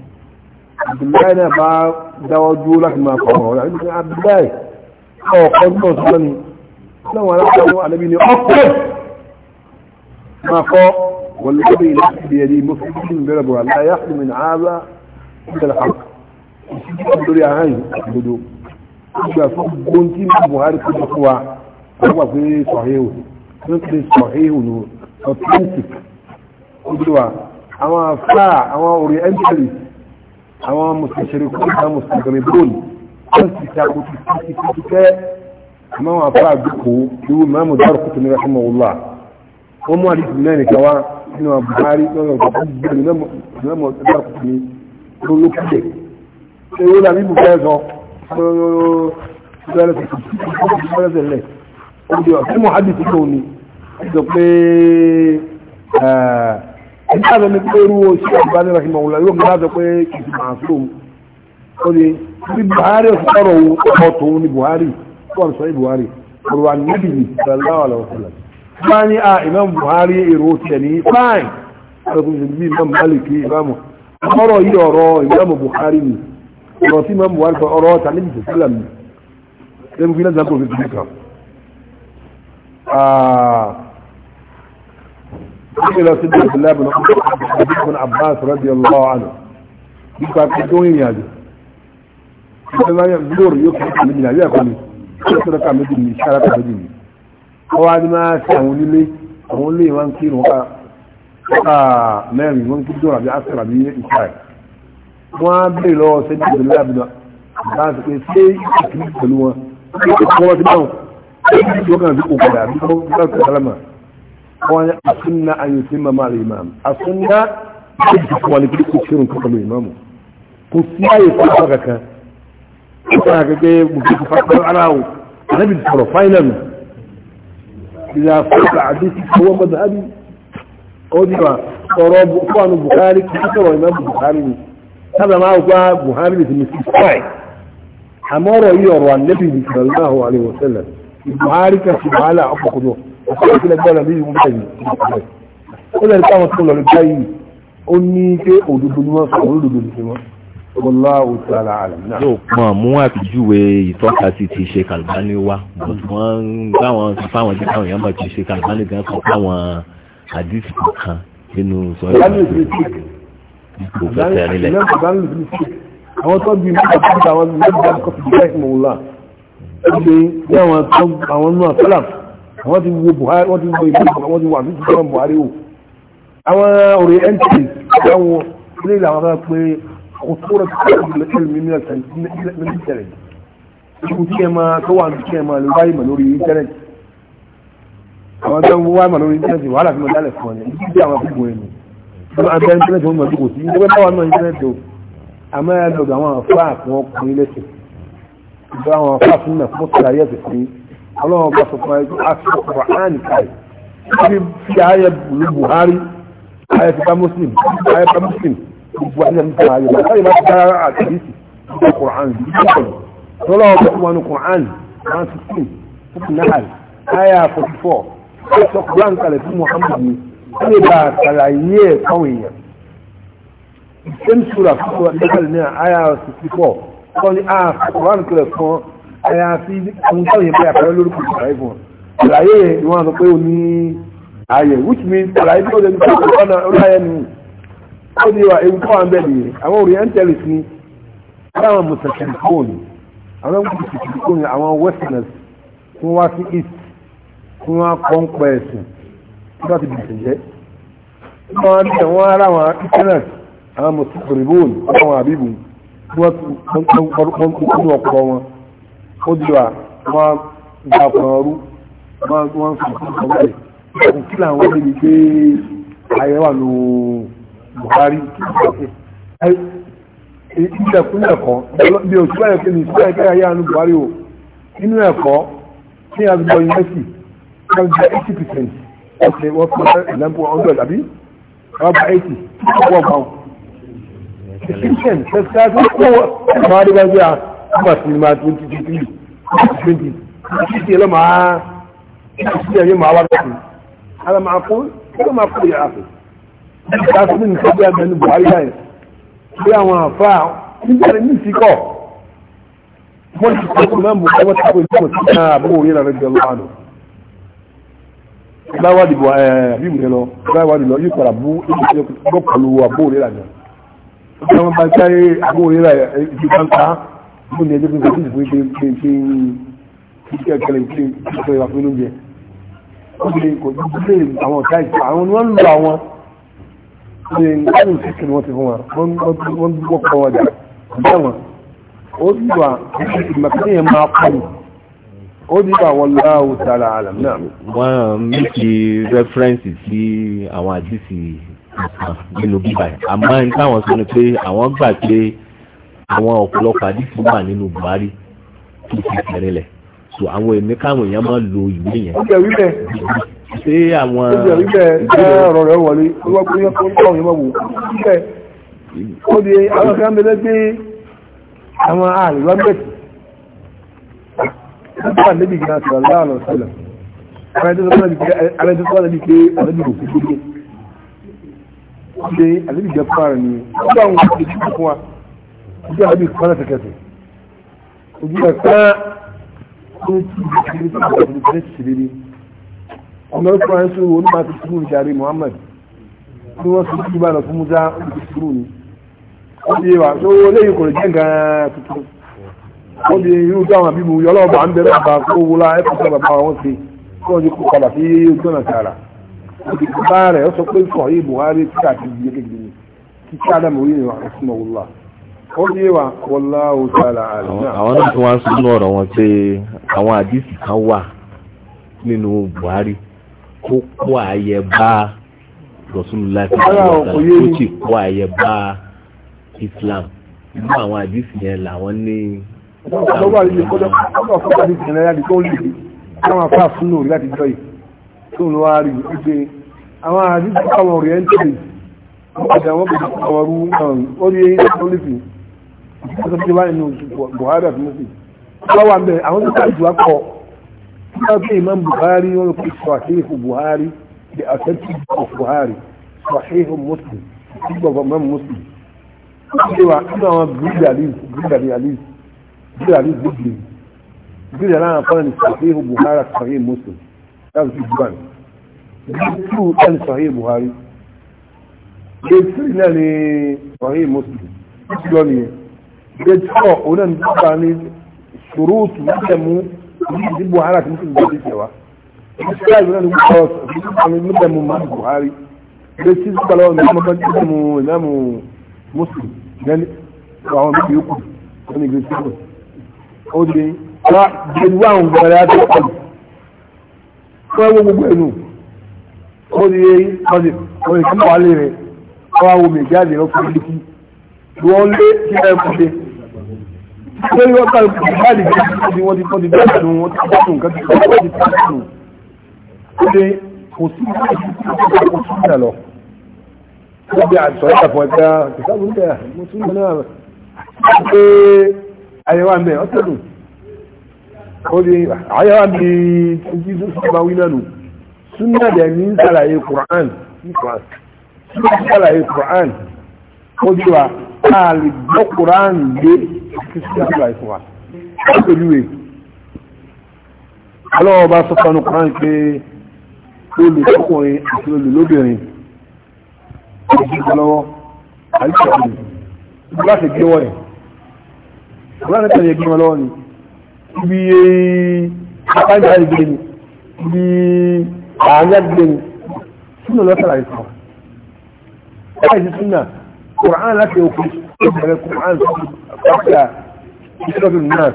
abdullahi náà bá dáwọ́ dúró láti máa kọ̀ ọ̀rọ̀ rẹ̀ nígbà abdullahi ọ̀kọ́ ní ọ̀sán lọ́ni láwọn aláwọ̀ alẹ́bí ni ọ̀pẹ́ máa kọ́ wọlé kọ́bí ilẹ̀ ìdí ẹ̀dí mọ́fíìsì ń bẹ̀rẹ̀ bọ̀ aláyá fún mi náà bá ìṣẹ̀lẹ̀ àpò ìṣẹ̀lẹ̀ lórí ahán ìdodo ìgbà fún gbóhùn tí mú Buhari kó tó fún wa wọ́n wà pé sọ̀híhù wọ́n pè sọ̀híhù ní authentic ó dúró wa àwọn afá àwọn orientalist àwọn mùsùlùmí àwọn mùsùlùmí bóòlù wọ́n ti sàkó ti ti ti ti tẹ́ àmọ́ wọn afárá àdúgbò irú mọ́mú dárò kùtù ní rahimu allah wọ́n mú àdìsí mẹ́rin kan wá nínú àbúhárí lọ́wọ́ ìgbàlódé mọ́mú dárò kùtù ní lókùtù ewu la bí bùkẹ́ sọ lọ́lọ́sẹ̀lẹ̀ ó ìdáàbẹ̀ ní pé irú oṣù àgbáni rahimahullah yóò mú láti pé kìtì máa fún òun ó ní bí buhari sọ̀rọ̀ ọ̀rọ̀ tòun ní buhari wọ́n sọ ní buhari ọ̀rọ̀ wa níbi ní sallallahu alaihi wasallam bá ní a imam buhari èrò tiẹ̀ ní fáìn ọ̀rọ̀ tó bí imam maliki imamu ọ̀rọ̀ yìí ọ̀rọ̀ imam buhari ni ọ̀rọ̀ tí imam buhari sọ ọ̀rọ̀ ta níbi sọ̀sílẹ̀ إلى سيدنا عبد الله بن عمر بن عباس رضي الله عنه يقع كتوين يا دي كتنا يقدر يقع من يا كوني كتنا كم من شارع كم هو ما سعوني لي هو لي وان كير وقع وقع نعم وان كير دور أبي عصر أبي ما أدري لو سيدنا عبد الله بن عباس كيسي كتير كلوه كتير كلوه كتير كلوه كتير كلوه كتير كلوه wọ́n asúnná àyùsín mama imam asúnná ìjì fún wọn kí kò kírun kọ́ pẹ̀lú imam kò sí àyè fún ọ̀pá kankan wọ́n á gẹ́gẹ́ gbogbo kò fàkọ́ ara o anábì sọ̀rọ̀ fáìnàlù ìyá fúnra àdéhùn tó wọ́n mọ́tò ábí ó ní wa ọ̀rọ̀ fúnra Buhari kì í sọ̀rọ̀ imam Buhari ni sábà máa gba Buhari lè fi mi sí fáì àmọ́ ọ̀rọ̀ yìí ọ̀rọ̀ ànẹ́bì sallallahu alaihi wasallam Buhari kà sí wàhálà ọ̀pọ̀ kọ́dọ̀ ọ̀pọ̀ ìpínlẹ̀ gbọ́dọ̀ bí wọ́n báyìí ó lẹ́nu táwọn tó lọ báyìí ó ní pé òdodo ni wọ́n sọ àwọn òdodo ni ṣe wọ́n ọlá òtún ara rẹ̀ náà. yóò pọn mú àpèjúwe ìtọ́ka sí ti ṣe kàlùbáni wá but wọ́n báwọn sọ fáwọn jẹ́ káwọn èèyàn mọ̀ ti ṣe kàlùbáni gan sọ fáwọn àdìsí kan nínú sọ àwọn tó bí mú àpèjúwe àwọn tó bí mú àpèjúwe bí mú àpèjúwe àwọn tó bí àwọn tó àwọn tó bí wọ́n ti wo buhari wọ́n ti wo ìbúkọ̀ wọ́n ti wo àbí tuntun náà buhari o àwọn òrè ntc àwọn ilé ìlànà bá pé òtúrọ̀ tó ń mímí ọ̀sán ní ìtẹ̀rẹ̀ ikú tí ẹ máa tó wà ní kí ẹ máa lè wáyé mà lórí íńtẹ́rẹ̀tì àwọn tó ń wáyé mà lórí íńtẹ́rẹ̀tì wàhálà fi máa dálẹ̀ fún ọ ní àwọn akókò ẹnu ní wọn abẹ́ íńtẹ́rẹ̀tì wọn máa dúkò sí ìjọba táwọn náà íńtẹ́rẹ̀tì o àmọ́ ẹ lọ́dọ̀ àwọn àfáà fún lẹ́sẹ̀ ìjọba àwọn àfáà fún náà ọlọ́wọ́ bá sọ fún ẹjọ́ asọ́kọ̀rọ̀ ànìkàì tí fi ayẹ bùrú Buhari ayẹ fipá Muslim ayẹ fipá Muslim gbogbo ayẹ nípa ayẹ bá sáyẹ bá ti dára àtìrísì nípa Quran nípa ọlọ́wọ́ bá fún wọn Quran one sixteen fún nahal ayẹ forty four sọ Quran kalẹ̀ fún Muhammad ni wọ́n lè bá àkàlàyé ẹ̀ fáwọn èèyàn same sura fún wọn ní ayẹ sixty four wọ́n a Quran kalẹ̀ fún àyàfi àwọn táwọn yẹn pé àpẹẹrẹ lórúkọ ìṣàlàyé àlàyé ni wọn sọ pé ó ní ààyè which means àlàyé tí ó lè ní pé ọ̀nà ọláyẹ ni ó di wa ewu tó wà ń bẹ̀ nìyẹn àwọn orientalist ni àwọn mùsùlùmí fóònù àwọn mùsùlùmí fóònù àwọn westerners tí wọ́n wá sí east tí wọ́n kọ́ ń pẹ́ ẹ̀sìn tí wọ́n ti bìtì jẹ́ wọ́n dẹ̀ wọ́n ara àwọn easterners àwọn mùsùlùmí fóònù àwọn àbíbù tí wọ́n kọ́ ọkọ̀ wọn ó di wa wọ́n gba ọ̀pọ̀ ọrú wọ́n fi fún ọmọ rẹ̀ òun kí làwọn lè ní pé ayẹwà ló Buhari ìṣẹ̀kún ẹ̀kọ́ bí o ṣúgbọ́n ẹ̀kọ́ ní ṣúgbọ́n ẹ̀kọ́ ayé àánú Buhari o nínú ẹ̀kọ́ ní àgbọ̀ yunifásitì wọ́n gba eighty percent ọ̀sẹ̀ wọ́n fi ọ̀sẹ̀ ìlẹ́mpọ̀ hundred àbí wọ́n gba eighty wọ́n gba wọn. ìṣẹ̀kún ẹ̀kọ́ nígbà tí ma twenty twenty twenty twenty ẹlọ́ máa twenty ẹ̀yẹ máa wá lọ́sìn ara máa kó ẹlọ́ máa kó yàrá fún un ká fún mi nǹkan bí abẹnú Buhari báyìí bí àwọn àfa nígbà tí mi ti kọ́ wọ́n ti kọ́ fún mẹ́mú ọwọ́ tí wọ́n ti kọ́ sí náà àbúrò yẹn rẹ̀ jẹ́ lọ́wọ́ àná láwá dìbò ẹ bí mo yẹ lọ láwá dìbò yóò padà bú ètò ìgbọ́kànlú àbúrò yẹn rẹ̀ jẹ́ bá mo ní ẹjọ́ pé kò sí ìfowó pé pé pé kíkẹ́ kẹlẹ̀ pé kíkọ́ ìwà fún oúnjẹ ó lè kò sí ilé àwọn ọ̀tá ìta àwọn ni wọ́n ń lo àwọn ṣe ń gbádùn síkì ni wọ́n ti fún wa wọ́n ń gbọ́ pọ̀ ọjà ọjà wọn ó sì wà ìmọ̀kẹ́lẹ́ yẹn máa kọ́ ni ó sì wà wọ́n láwù tààrà àlàm náà. wọ́n mẹ́kì rẹ́fúrẹ́ǹsì sí àwọn àdìsí nílùú bíbáyìí àmọ́ ní táwọn sọ ni pé àwọn gbà pé àwọn ọ̀pọ̀lọpọ̀ àdìsí wà nínú Buhari tó fi fẹ̀rẹ̀ lẹ̀ so àwọn èmi káwọn èèyàn máa lo ìwé yẹn. ó jẹ́ wípé ṣé àwọn. ó jẹ́ wípé ṣé ọ̀rọ̀ rẹ̀ wọlé wọ́n kún yẹn fún káwọn èèyàn máa wò ó. wípé ó di àwọn kan bẹ lẹ́gbẹ́ àwọn àríwá mẹ́tì. nígbà níbi ìgbà sọ̀rọ̀ láàrọ̀ sọ̀rọ̀ ààrẹ tó sọ̀rọ̀ níbi pé àlejò kò fi gbé. ó ṣe àlejò jẹ́ fún ara nìyẹn. ó gbà wọn kò fi fún wa ojú àbí ìpínlẹ̀ kẹkẹsẹ̀ ojú ẹ̀ka tó ti ìdílé tó ti ìdílé tó ti ìdílé ọmọ ẹ̀kọ́ ẹ̀ sọ wọn máa ti sùúrù ní jàre Muhammad tí wọ́n sọ fún ìbára fún Musa ó ti sùúrù ni ó ti wà tó léyìn kò lè jẹ́ nǹkan tuntun ó di irú tó àwọn àbíbu yọ ọlọ́ọ̀bà ń bẹ̀rẹ̀ bàbá kó wúlá ẹ̀kọ́ tó bàbá wọn ṣe kó wọn ti kó padà sí ojú ọ̀nà tààrà ó ti bá rẹ̀ ó sọ pé sọ̀rọ̀ Buhari kíkà ti di kékeré kíkà dàmú yìí ni wà á sùn mọ́ wúlá ó yé wa wallahu ta'ala àlùmá. àwọn náà tí wọ́n á sọ nínú ọ̀rọ̀ wọn pé àwọn àdìsí kan wà nínú Buhari kó kó ààyè bá Rasulullah tó ti kó ààyè bá Islam inú àwọn àdìsí yẹn làwọn ní. ọlọ́wọ́ àdìsí kọ́dọ̀ ọlọ́wọ́ fún àdìsí yẹn láti tó lè àwọn afá fún lórí láti jọ yìí tó wá rí wípé àwọn àdìsí àwọn orientalist wọ́n padà wọ́n bèèrè àwọn ọrú ó rí eyín tó lè fi ìgbésẹ̀ tí wọ́n nínú Buhari àti Muslim wọ́n wà bẹ́ẹ̀ àwọn tó káàdì wá kọ́ wọ́n fi Imam Buhari wọ́n fi sọ̀híhù Buhari the authentic of Buhari sọ̀híhù Muslim gbogbo ọmọ Muslim ṣe wa nínú àwọn gírídì àlìs gírídì àlìs gírídì àlìs gírídì gírídì aláwọn afọ́nà ní sọ̀híhù Buhari àti sọ̀híhù Muslim that's the one gírídì sọ̀híhù Buhari gbẹjọ onan nípa ní ṣòrótù mẹ́tẹ̀mú ní buhari àti mẹ́tẹ̀mú gbẹjọ ìṣẹ̀wá ìṣẹ́lá ìwé náà ní wọ́n mẹ́tẹ̀mú mọ́tò buhari ilé tí ó gbàlọ́ ní ọmọkan tí ó mú ìnáàmù mùsùlùm lẹ́ni àwọn mẹ́tẹ̀ yókù tó ní gbèsè lọ. ó di wá gbẹdú àwọn gbẹrẹ àti ọkọlù fún ẹwọ gbogbo ẹnu ó di ọdí ọdí kí wọ́n lé rẹ̀ wọ́n á wo mẹ̀jáde ọkùnrin lé kí wọ́n lé kí ẹ pé wọ́n bá ìbáàdì jẹ́ wọ́n ti fọ́dí bẹ́ẹ̀ lóun wọ́n ti fọ́dún nǹkan tí wọ́n ti fọ́dún ó lè kò sí kò sí ìjà lọ wọ́n bí àtọ̀ ìjà fún ẹgbẹ́ ìsáàbù ń bẹ̀rẹ̀ mo tún mọ̀ náà pé àyẹ̀wò àmì ọ̀tẹ̀dùn ó lè àyẹ̀wò àmì ojú tó sọ́ba wí náà nù súnmọ́ dẹ̀ ní sàlàyé Qur'an súnmọ́ sàlàyé Qur'an ó dì wá káà lè gbọ́ Qur'an gbé kristian life wa pẹ̀lúwe ọlọ́wọ́ bá sọ fanu kan pé olùkọ́kùnrin àti olùlóbìnrin ìjọlọ́wọ́ àìsàn láti gbé wọ́n ẹ̀ láti tẹ̀lé gbé wọn lọ́wọ́ ni ibi apájá ìgbé ni ibi àáyá ìgbé ni sínú lọ́tàlá ìsàn láìsí sínú Kùrán láti òkú ìbẹ̀rẹ̀ kùnán àpáta ìṣẹ́lọ́dún náà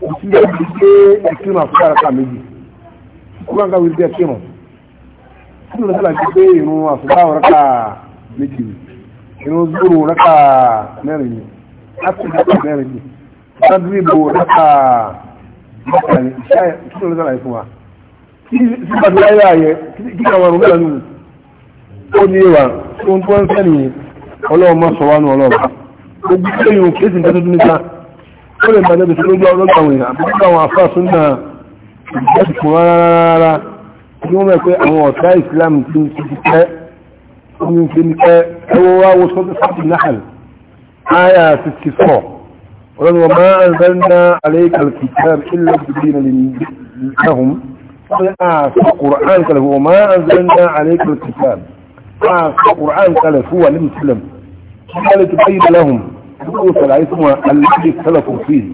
kò sí ẹ̀kí pé ẹ̀kírun àfúkàrà ká méjì kúrán ká wípé ẹ̀kírun kí ló sọ́lá pé ìrun àfúkà ọ̀rọ̀ká méjì ìrun zoro ọ̀rọ̀ká mẹ́rin ni áfíríkà ọ̀rọ̀ká mẹ́rin ni sádìrìbò ọ̀rọ̀ká mẹ́ta ni ìṣá kí ló sọ́lá fún wa kí sípàdé ayé ayẹ kí àwọn ọ̀rọ̀ mẹ́rin nù ó ní ìwà tó ń tó ń sẹ́ni ọlọ́run mọ́ sọ gbogbo ẹ̀yìn òkè sì ń tẹ́tọ́ níta ó lè bàjẹ́ bẹ̀sẹ̀ lójú ọlọ́gbà àwọn èèyàn àbúrò àwọn afáàsùn náà ìjẹ́ kùn rárá tí wọ́n mẹ́ pé àwọn ọ̀tá Islam ti ń fi pẹ́ omi ń fi ní pẹ́ ẹwọ́ wá wo sọ́tọ́ sáàtì náhàl áyà 64 ọlọ́run wọn máa ń rẹ́ ná àlẹ́kà kìtàb ilẹ̀ ìdílé na lè lẹ́hùn wọ́n á sọ Qur'an kalẹ̀ fún wọn máa ń rẹ́ ná àlẹ́kà kìtàb á sọ Qur'an kalẹ̀ fún wa ní Muslim kí wọ́n lè ti báyìí lẹ́hùn ìgbàgbọ́ sàlàyé fún wa aláàbí sálàkù fíìlì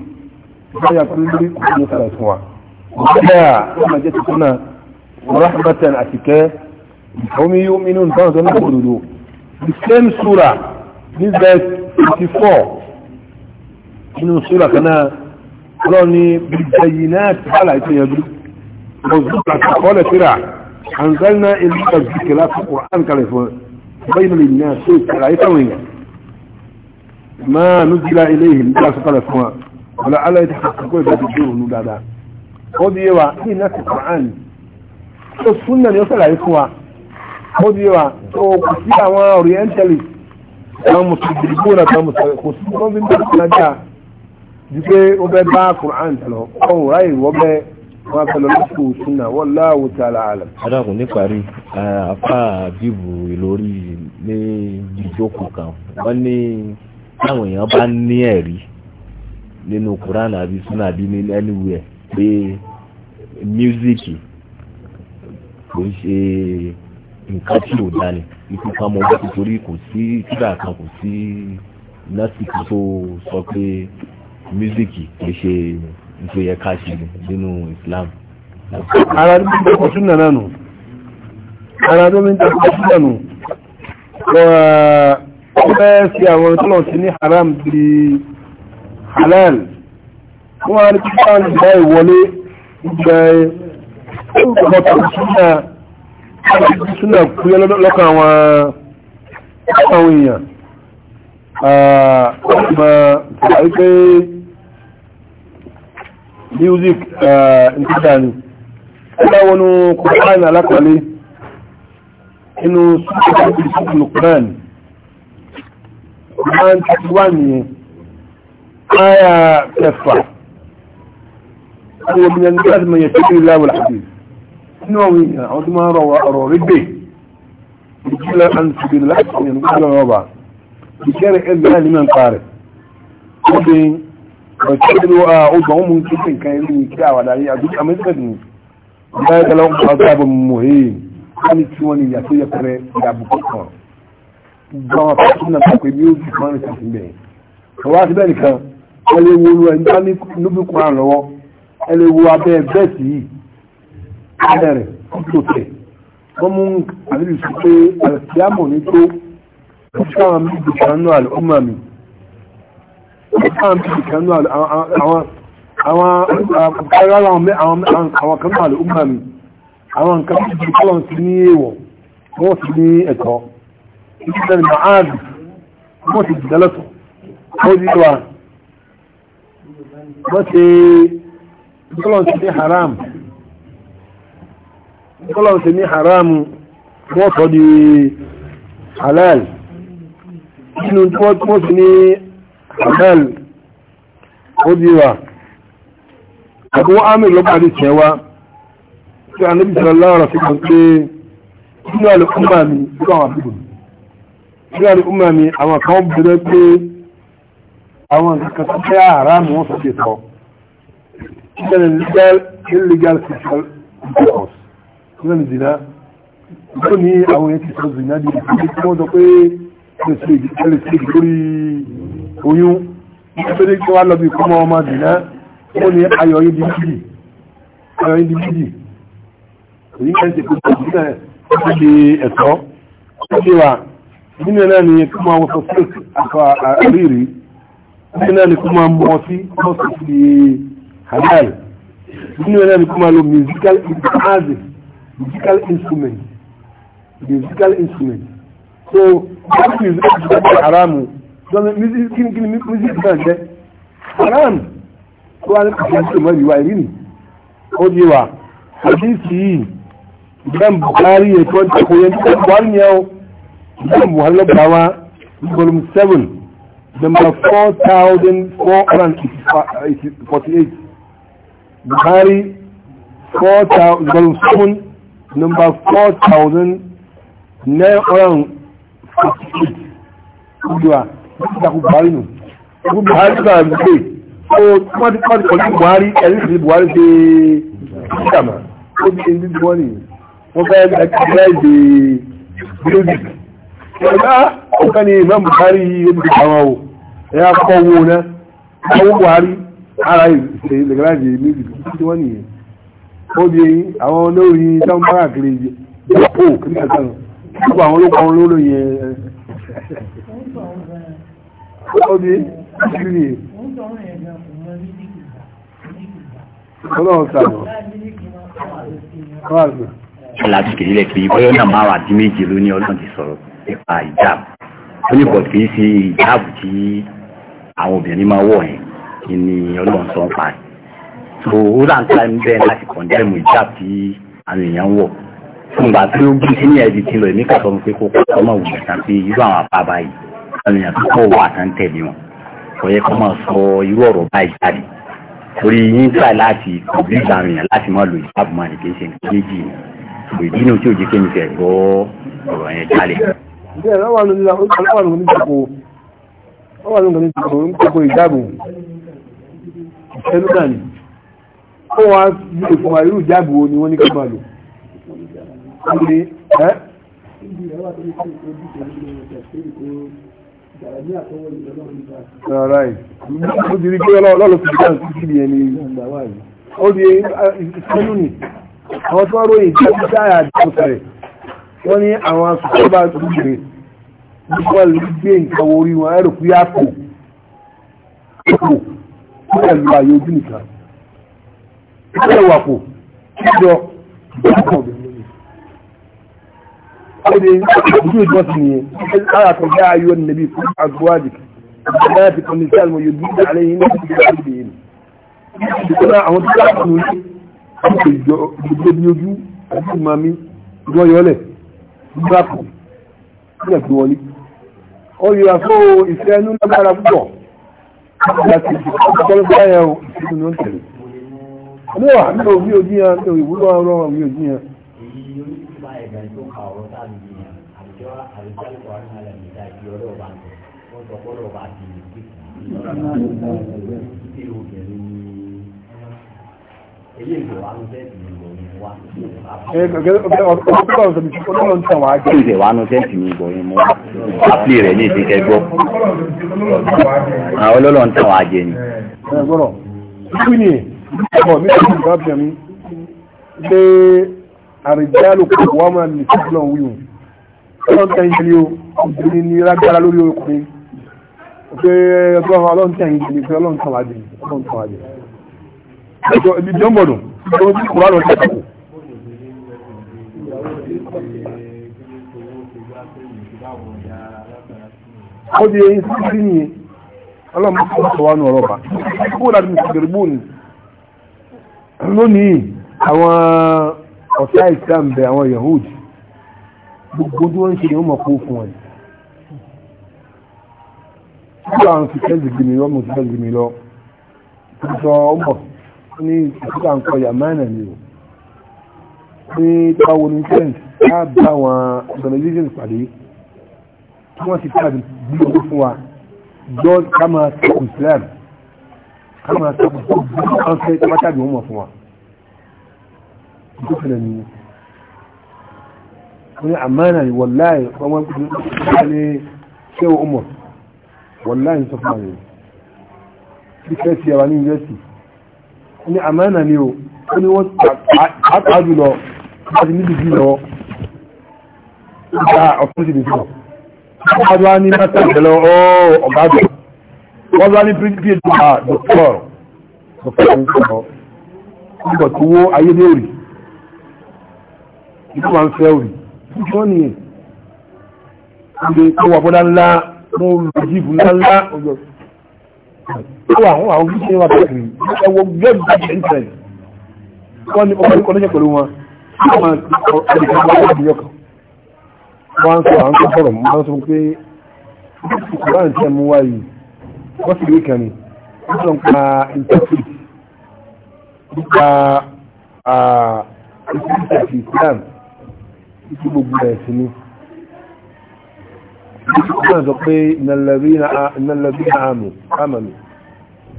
báyà tó lórí ìgbàgbọ́ sàlàyé fún wa báyà wọ́n máa jẹ́ tuntun náà rahmatan àti kẹ́ ìfọ́mí yóò mínú nǹkan tó náà gbòdòdó the same sura ní verse 54 nínú sura kan náà ọlọ́run ní bìjẹ̀yì náà ti bá láì tó yẹn dúró mọ̀zúkà àti kọ́lẹ̀ síra àǹzẹ́lì náà ìlú ìgbàgbọ́ kẹlá fún kùrán kalẹ̀ fún bẹ́yìn lè ní àṣẹ ìkàlàyé fáwọn èèyàn ما نزل إليهم لا سقل سوا ولا ألا يتحققوا بدجوه نبادا قد يوا في نفس القرآن السنة يصل عليكوا قد يوا وكثيرا ما أورينتالي ما مصدقون ما مصدقون من بلدنا جيكي وبيبا قرآن تلو قوم رأي وبيبا wọ́n fẹ́ lọ lọ́pọ̀ òṣùnà wọ́n láwọ̀ tí a láàrẹ̀. adákùn ní parí apá bíbù ìlórí ní ìjókòó kan wọ́n ní táwọn èèyàn bá ní ẹ̀rí nínú Quran àbí sunna àbí ní anywhere pé mísíkì kò ń ṣe nǹkan tí ò dání ikú kan mọ bá ti torí kò sí kíra kan kò sí násìkò tó sọ pé mísíkì kò ṣe nítorí ẹ̀ka ṣe nínú Islam. ara ní kókó sunna náà nù ara tó ń tẹ̀kọ́ sunna nù ó fẹ́ fi àwọn tọ́lọ̀ sí ní haram di halal wọ́n wá ní kí wọ́n gba ìwọlé ìgbà ìgbọ̀tọ̀ súnà súnà kúrẹ́ lọ́kàn àwọn àwọn èèyàn ó sì máa tẹ̀lá wípé music nígbà ni ó alákọ̀ọ́lé inú súnà kùránì 131 yẹn aya kẹfà àwọn obìnrin ní láti mọ̀yẹ̀ tí ìlà wà láti nínú àwọn èèyàn àwọn tó máa ń rọwà ọ̀rọ̀ rí gbé ìjìlá àti ìbìlẹ̀ láti ọ̀yàn tó lọ rọ̀bà ìkẹ́rẹ̀ ẹgbẹ̀ náà nímọ̀ nǹkan rẹ̀ obìnrin ọ̀tí ìlú ọgbà ọmọ tó fi nǹkan ẹ̀rí ní kí àwàdà yìí àdúgbò amẹ́ríkà dùn ọ̀gá ẹgbẹ̀lá ọgbà ọgbà àbọ̀ mọ̀hìn wọn ni tí wọ́n ni ìyà tó yẹ pẹ̀rẹ̀ ìyàbùkọ̀ kan gbọ́n fún náà pé bí ó jù fún ẹ̀sìn sí bẹ́ẹ̀ ọwọ́ àti bẹ́ẹ̀ nìkan ẹ lè wo olú ẹni bá ní níbi kura lọ́wọ́ ẹ lè wo abẹ́ bẹ́ẹ̀sì yìí ẹ̀rẹ̀ tó tẹ̀ wọ́n mú àlejò sí pé àlùfíàmù ní tó káwọn méjì kan náà ọmọ mi káwọn méjì kan náà àwọn àwọn kára àwọn kan náà ọmọ mi àwọn nǹkan méjì kọ́lọ̀ sí ní èèwọ̀ wọ́n sì ní ẹ̀tọ́ ìjọba ní màáàdì wọ́n ti jìdá lọ́tọ̀ ó ní wa wọ́n ti ìkọlọ̀n ti ní haram ìkọlọ̀n ti ní haram wọ́n tọ́ di halal nínú tí wọ́n ti ní halal ó ní wa àbúwọ́ ámì lọ́pàá ní tẹ́wàá tí a níbi sọ̀rọ̀ láwọ̀rọ̀ sí kan pé nínú àlùkùnmá mi tó àwọn àbúrò ní àríkúnmà mi àwọn kan bẹ̀rẹ̀ pé àwọn nǹkan tó fẹ́ ààrá mi wọ́n sọ́kè sọ ìgbẹ̀rẹ̀ legal illegal sexual intercourse nígbà ní zina tó ní àwọn yẹn ti sọ zina di ìpínlẹ̀ tí wọ́n sọ pé ẹlẹ́ sí èdè lórí oyún nítorí pé wọ́n lọ bí kọ́mọ ọmọ zina wọ́n ní ayọ̀ yìí di méjì ayọ̀ yìí di méjì èyí kẹ́ńtì kò tó zina ẹ̀ ẹ̀ ẹ̀tọ́ ó ti wà nínú náà ni kó máa wọ́sọ̀ fake àríri nínú náà ni kó máa mú ọtí lọ́sọ̀ nínú náà ni kó máa lo musical instrument musical instrument musical instrument so wọ́n ti musical instrument jẹ́ haramu lọ́nà music kí ni music náà jẹ́ haram tó wà ní kàfíà sí ìmọ̀ ìwà ìrìn ó di wa àdéhìsì yìí ìgbà bukari ètò yẹn tó wà ní ẹ̀ Imam Muhallab Bawa, volume 7, number 4,448. Bukhari, 4, 000, volume 7, number 4,948. Uduwa, nígbà kú Buhari nù. Kú Buhari nígbà gbé. Ó wọ́n ti kọ́ ọdún Buhari, ẹ̀rí ìdí Buhari ṣe ìjàmà. Ó di ẹni tí wọ́n ní. Wọ́n fẹ́ ẹgbẹ́ ìdí Buhari ẹ̀dá ọ̀kan ni imam buhari yìí ó ti àwọn o ẹ̀yà kọ́ owó náà owó buhari ara ìlẹ̀gbẹ̀lájì méjì tí wọ́n nìyẹn ó di àwọn olórí táwọn bára kiri jẹ́pọ̀ kìrìkà sàn gbogbo àwọn olókọ̀ àwọn olóró yẹn ó di kiri nìyẹn ọlọ́run sàn aláàtìkè nílẹ̀ pé bọ́yọ́ náà máa wà dín méje ló ní ọlọ́run ti sọ̀rọ̀ nípa ìjáàbù ó ní bọ̀dù kìí ṣe ìjáàbù tí àwọn obìnrin máa wọ̀ yẹn kí ni ọlọ́run sọ ń pa ẹ̀ so ó láǹkà ń bẹ́ẹ̀ láti kọ̀ndẹ́mù ìjáàbù tí àwọn èèyàn ń wọ̀ fún ìgbà tí ó gbé sínú ẹ̀dí ti lọ èmi kàtọ́ pé kó kọ́ ọmọ òwò ìtàn pé irú àwọn apá báyìí àwọn èèyàn torí yín tíra láti kọ̀ọ̀bí ìgbà àwọn èèyàn láti máa lo ìjáàbù máa nìkéṣe méjì ni ìdínú tí ò jí kéyìn fẹ́ gbọ́ ọ̀rọ̀ yẹn jálẹ̀. Ìjẹ́ ìrọ̀wà lórí àwọn onígbàgbò, ọwà lórí Ọ̀rọ̀ ẹ̀. Ó àwọn tí wọ́n ròyìn kápítà àdúgbò rẹ̀ wọ́n ní àwọn asùnkọ́bà gbùgbèrè nípa lè gbé nǹkan orí wọn ẹ̀rù pé àpò àpò pẹ̀lú àyè ojú nìkan ẹ̀rù àpò kíjọ ìgbàkọ̀ ọdẹ ojú ìjọsìn nìyẹn ara kan jẹ́ ayọ́ nàbí fún agbóhádì àti ìjọ ìjọ ní ojú àti ìmàmí ìjọ yọlẹ̀ gbàpù nígbà tó wọlé ó yẹra fún ìfẹ́ inú lágbára púpọ̀ láti ìjọba ẹ̀yà ìṣẹ́gun ní wọ́n tẹ̀lé ní wà ní òbí ojú yẹn ní ìwúlò ọ̀rọ̀ òbí ojú yẹn. Thank you. Ìdè wa nu tẹ́ǹtì mi ìbò yín mú. Àpì rẹ̀ ní ìdíkẹ́ gbọ́. Àwọn olólùwọ̀n tàn wá jẹ ni. Ẹgbọ́rọ̀, kí ni ọmọ mi kò gbà bẹ̀ mí àrìjálù kò wá máa lè fi wíwù. Ọlọ́run tẹ̀ ń jẹ́lé o, obìnrin ni lágbára lórí ọkùnrin. Pé ọgbọ́n ọlọ́run tẹ̀ ń ni. Ọlọ́run tàn wá jẹ ni ẹjọ́ ibi jọ ń bọ̀dùn tó ń kúrò àlọ́ ìjọba kù. ó di eyín sí sí ni ọlọ́mọ tó ń sọ wá nù ọ̀rọ̀ bá kó láti mú sọ̀rọ̀ bò ní. lónìí àwọn ọ̀tá Islam bẹ àwọn Yahudi gbogbo tí wọ́n ń ṣe ni wọ́n mọ̀ kó fún wọn. Kí ló àwọn ti fẹ́ zìgbìmí lọ, mo ti fẹ́ zìgbìmí lọ. Sọ ọmọ ní ìtìkà ń kọ yàmánà ni o pé báwo ní trent á bá wọn organization pàdé tí wọ́n ti tàbí bí owó fún wa jọ ká máa tẹ̀kù Islam ká máa tẹ̀kù bí wọ́n fẹ́ tí wọ́n tàbí wọ́n mọ̀ fún wa ìtòkìlẹ̀ ni wọ́n ní àmánà ni wọ̀láì wọ́n wọ́n ní ṣé o mọ̀ wọ̀láì sọ fún wa ni ìfẹ́ sí ẹwà ní yunifásitì ní àmánà ni o ó ní wọ́n pàápàá jùlọ láti níbi bí lọ gba ọ̀pọ̀ sí ìdíjọ́ wọ́n wá ní mẹ́ta ìjẹ́lọ oh, ọ̀gájọ́ wọ́n wá ní phd bá dr dr nkọ́ nígbà tó wó ayédèrè ìlú máa ń fẹ́ òrì ìjọ́ nìyẹn ìgbè tó wà bọ́dá ńlá mú lójìbù ńlá ńlá ọjọ́ wà wọ́n àwọn ojúṣe wa káàkiri ẹwọ gẹ́m bàjẹ́ interest wọ́n ní ọkọ̀ oníṣẹ́ pẹ̀lú wọn wọ́n àdìgbà wọn láti yọkàn wọ́n sọ àwọn tó sọ̀rọ̀ wọ́n sọ pé ìkùrán tẹ́ mú wá yìí wọ́n sì rí kan ní wọ́n sọ nípa interpret nípa ìpínlẹ̀ ìsìlám tí gbogbo ẹ̀ sí ni wọ́n sọ pé ìnàlẹ́bí àmì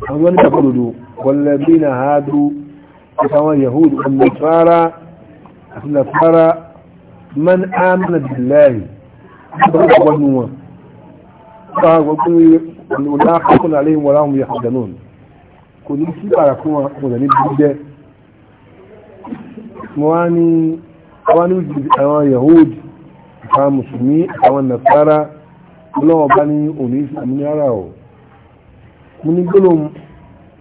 àwọn wani tafarudu wallabi na hadu àwọn yahudu wọn nasara àti nasara man amana billahi wọn wani wọn ta gbogbo wọlá kakuna alayhim wọlá wọn yahdanun kò ní sí ara fún wọn kò ní dídẹ wọ́n ní wọ́n ní àwọn yahudu àwọn musulmi àwọn nasara lọ́wọ́ bá ní òní ìsàmúnyára mo ní gbólóhùn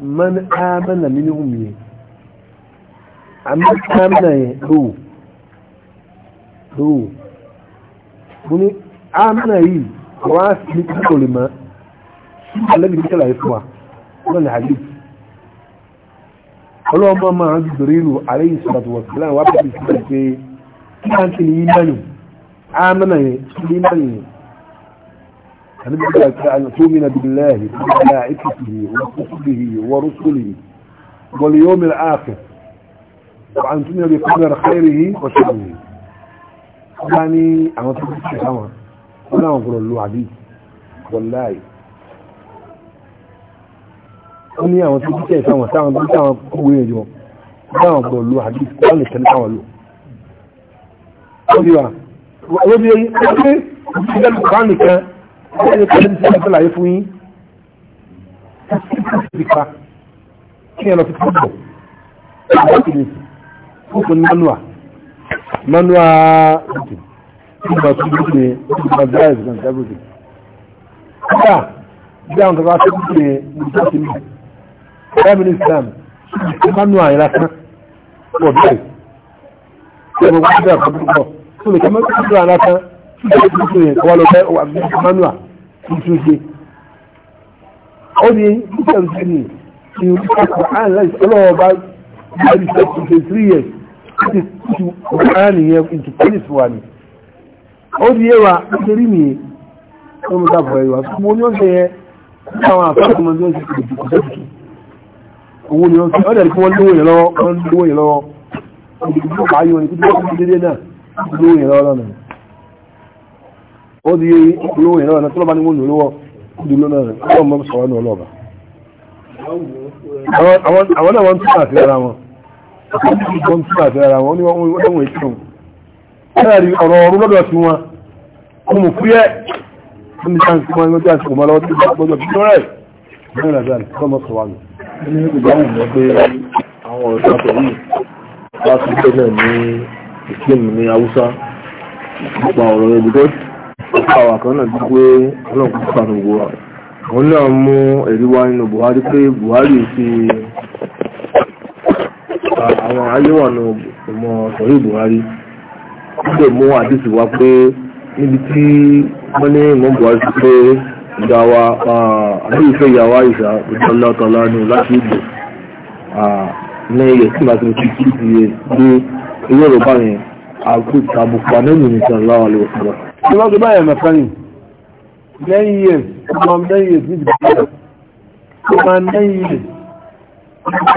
man amana minhum yẹn àmì amana yẹn lóò lóò mo ní amana yìí wọ́n á sì ní kíkọ́ lè mọ́ sí àlẹ́bí ní kẹ́lá ìfọ́ wọn ní hadith ọlọ́mọ máa ń dùrìlù wa salam wà النبي قال أن تؤمن بالله وملائكته وكتبه ورسله واليوم الآخر وأن تؤمن بقدر خيره وشره يعني أنا تقول الشيخ أمر أنا أقول له عديد والله ó ní àwọn tó jíkẹ́ ìsáwọn táwọn tó táwọn kúwé ẹjọ́ táwọn gbọ́ ló àbí wọ́n lè tẹ́lẹ̀ táwọn lò ó bí wà ó bí ẹyí ó bí kan bẹ́ẹ̀ ni kọ́lẹ́bí sí ọ̀sẹ̀ láyé fún yín ìpa kí ẹ lọ sí fúnbọ̀ ìgbàkìlì fúnfún manua manua ìgbà tó gbogbo ní ìgbà drive and everything kódà bí àwọn kan bá tó gbogbo ní ìgbà tó mi prime minister manua yẹn lásán wọ bẹ́ẹ̀ tí ẹ bọ wá bẹ́ẹ̀ kọ́ gbogbo tó lè kọ́ mẹ́tọ́ lásán tuntun yẹn kọ́ lọ bẹ́ wà ní manua tuntun ṣe ó ní bíkẹ́ ń sẹ́ni ní orúkọ Quran láti ọlọ́wọ́ bá bẹ́ẹ̀ni sọ tuntun three years láti tu Quran yẹn into police wa ni ó ní yẹ wa nítorí mi ó ń dábọ̀ ẹ̀ wá mo ní ọ̀sẹ̀ yẹn ní àwọn àfẹ́kùn máa ń ṣe kò jù kò sẹ́kù owó ni wọ́n fi ọ̀dà kí wọ́n lówó yẹn lọ́wọ́ wọ́n lówó yẹn lọ́wọ́ òdìgbò ayọ̀ ní kí wọ́n fi dédé náà lówó yẹn lọ́wọ́ lọ́nà ó di olówó yẹn lọ́wọ́ náà tọ́lọ́ba ni wọ́n lò lọ́wọ́ ó di olówó náà ọlọ́run mọ́ sọ̀rọ̀ ní ọlọ́ba. àwọn náà wọ́n tún àti ara wọn wọ́n tún àti ara wọn wọ́n wọ́n ètò ẹ̀rí ọ̀rọ̀ ọ̀rọ̀ lọ́dọ̀ sí wọn wọ́n mú fúyẹ́ wọ́n ní sáà ń sọ wọn ní ìrìnàjò àti ọmọ sọ̀rọ̀ ní ìpínlẹ̀ ní haúsá nípa ọ̀rọ̀ ẹ̀dùgọ́dù àwọn kan náà gbogbo ọlọ́pàá pàtàkì gbogbo wa òun náà mú ẹ̀rí wá nínú Buhari pé Buhari ti àwọn ayéwànú ọmọ sọ̀rí Buhari ó mú àdìsí wá pé níbi tí wọ́n ní ìmọ̀ Buhari ti pé ìdáwà àdéhùfẹ́ ìyàwó àìsà ìdánlátọ̀lá ní láti ìgbò ní ilẹ̀ tí màá ti fi kí ti gbé ewé ọ̀rọ̀ báyẹn àkókò àbùkù àdéhùn ìṣẹ̀lá àlẹ́ òṣèlú tí wọ́n tó bá yẹn mẹ́fà ní nine years ọmọ nine years ní ìdíjẹ́ ọmọ nine years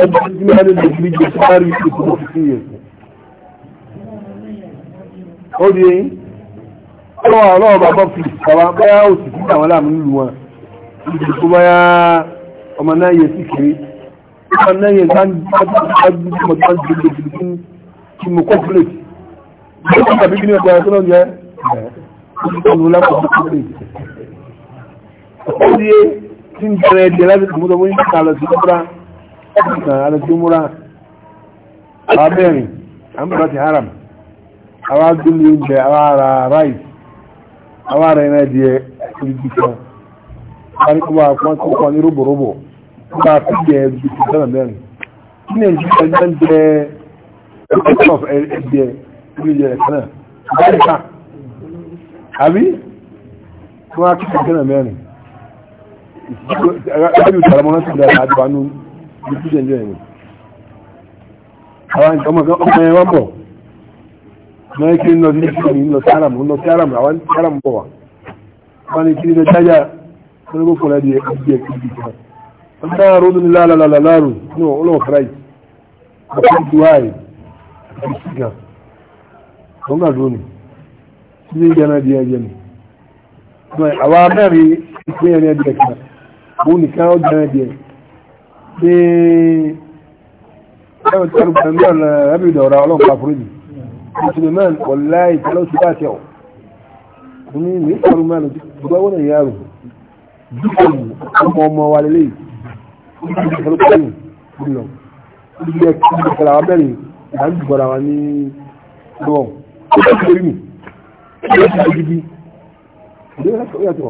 ẹgbẹ́ tí wọ́n lè lè gbé jẹ́ sáré ní ìkúrò fifty years ó di eyín ọwọ́ àwọn ọba bọ́ fi bàbá báyá òsì sí àwọn aláàmú nílùú wọn ìdí tó báyá ọmọ nine years sí kéré ọmọ nine years bá ń gbájú ọmọ tó ń gbé gbé gbé kí mo kọ́ fúlẹ̀ kí mo kọ́ fúlẹ̀ kí mo kọ́ fúlẹ̀ olùkọ́lù lápapọ̀ ó di é tí ń bẹ̀rẹ̀ ẹ̀dẹ̀ láti tòmútọ̀ mú nípa lọ sí múra àlọ́ sí múra àwọn mẹ́rin àmúra ti haram àwọn adúlé oúnjẹ àwọn ara rice àwọn ara ẹ̀rẹ́ ẹ̀dẹ̀ ẹ̀kùnrin kan wọ́n kọ́ wá pọ́n tó kọ́ ní rúbòrúbò nípa fíjẹ ẹ̀dẹ̀ sọ́nà àbí wọ́n á kí kẹ̀kẹ́ náà mẹ́rin ìṣẹ́jú ìtàlámọ́ náà ti dá àdìbánú ní kí jẹ́jẹ́ ẹ̀yìn àwọn ọmọ ẹ̀yìn wọ́n bọ̀ náà kí ń lọ sí ìṣẹ́jú ń lọ sí àràmù ń lọ sí àràmù àwọn sí àràmù bọ̀ wà wọ́n ní kí ní dájá wọ́n ní kó fọ́lá di ẹ̀kí ẹ̀kí ìdí kan wọ́n ní láàárọ̀ ní láàárọ̀ ní ọlọ́wọ́ fúráì ọ̀pọ̀ ìdúwáì àti ìṣìgà wọ́n gbàdúró ni zai gana biya gani mai awa mẹ́rin ìpín ẹni ẹbí ẹ̀kà òun nìkan ó gana biya ní ẹwọ̀n tí arúgbà mẹ́rin na rábì dọ̀ra ọlọ́pàá àforíjì musulman wọláì tẹ́lọ́ sí bá tẹ́ọ̀ òun ní ní ìsọ̀rọ̀ mẹ́rin gbogbo wọn ìyá rù dúkọ̀ ọmọ ọmọ wa lélẹ̀ ìgbẹ̀kẹ̀lẹ̀ ìgbẹ̀kẹ̀lẹ̀ àwọn mẹ́rin là ń dùgbọ̀ra wa ní ọwọ́ ó bẹ́ẹ̀ ẹ̀yọ́ gidi ìdíwọ́n láti ọ̀yà tó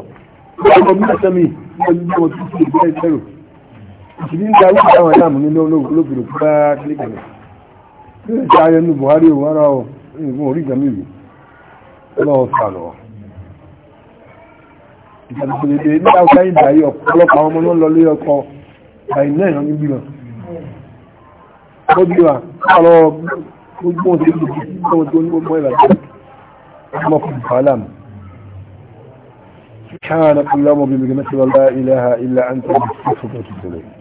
ọmọ mi àti mi wọ́n ní ọmọ tó ti ìgbẹ́ ìgbẹ́rù ìṣìlí ń darí àwọn aláàmù nínú olóbìnrin tó bá kílíkà rẹ̀ tí ó ti ayẹnu Buhari òun ara ọ̀ ìgbọ́n orí ìgbàmí rẹ̀ ọlọ́wọ́ sàlọ̀ ìgbàlùfẹ̀lẹ̀dẹ̀ ní àwùjá ìdáyé ọ̀pọ̀lọpọ̀ àwọn ọmọ náà lọ lé ọkọ àì náà yọ níbí lọ ó bí wa ọ̀rọ̀ gbogbo ọ̀sẹ̀ ìgbìmọ̀ tó ní gbogbo ìlàjẹ́ ما كنت تعلم سبحانك اللهم وبحمدك لا إله إلا أنت أستغفرك وأتوب إليك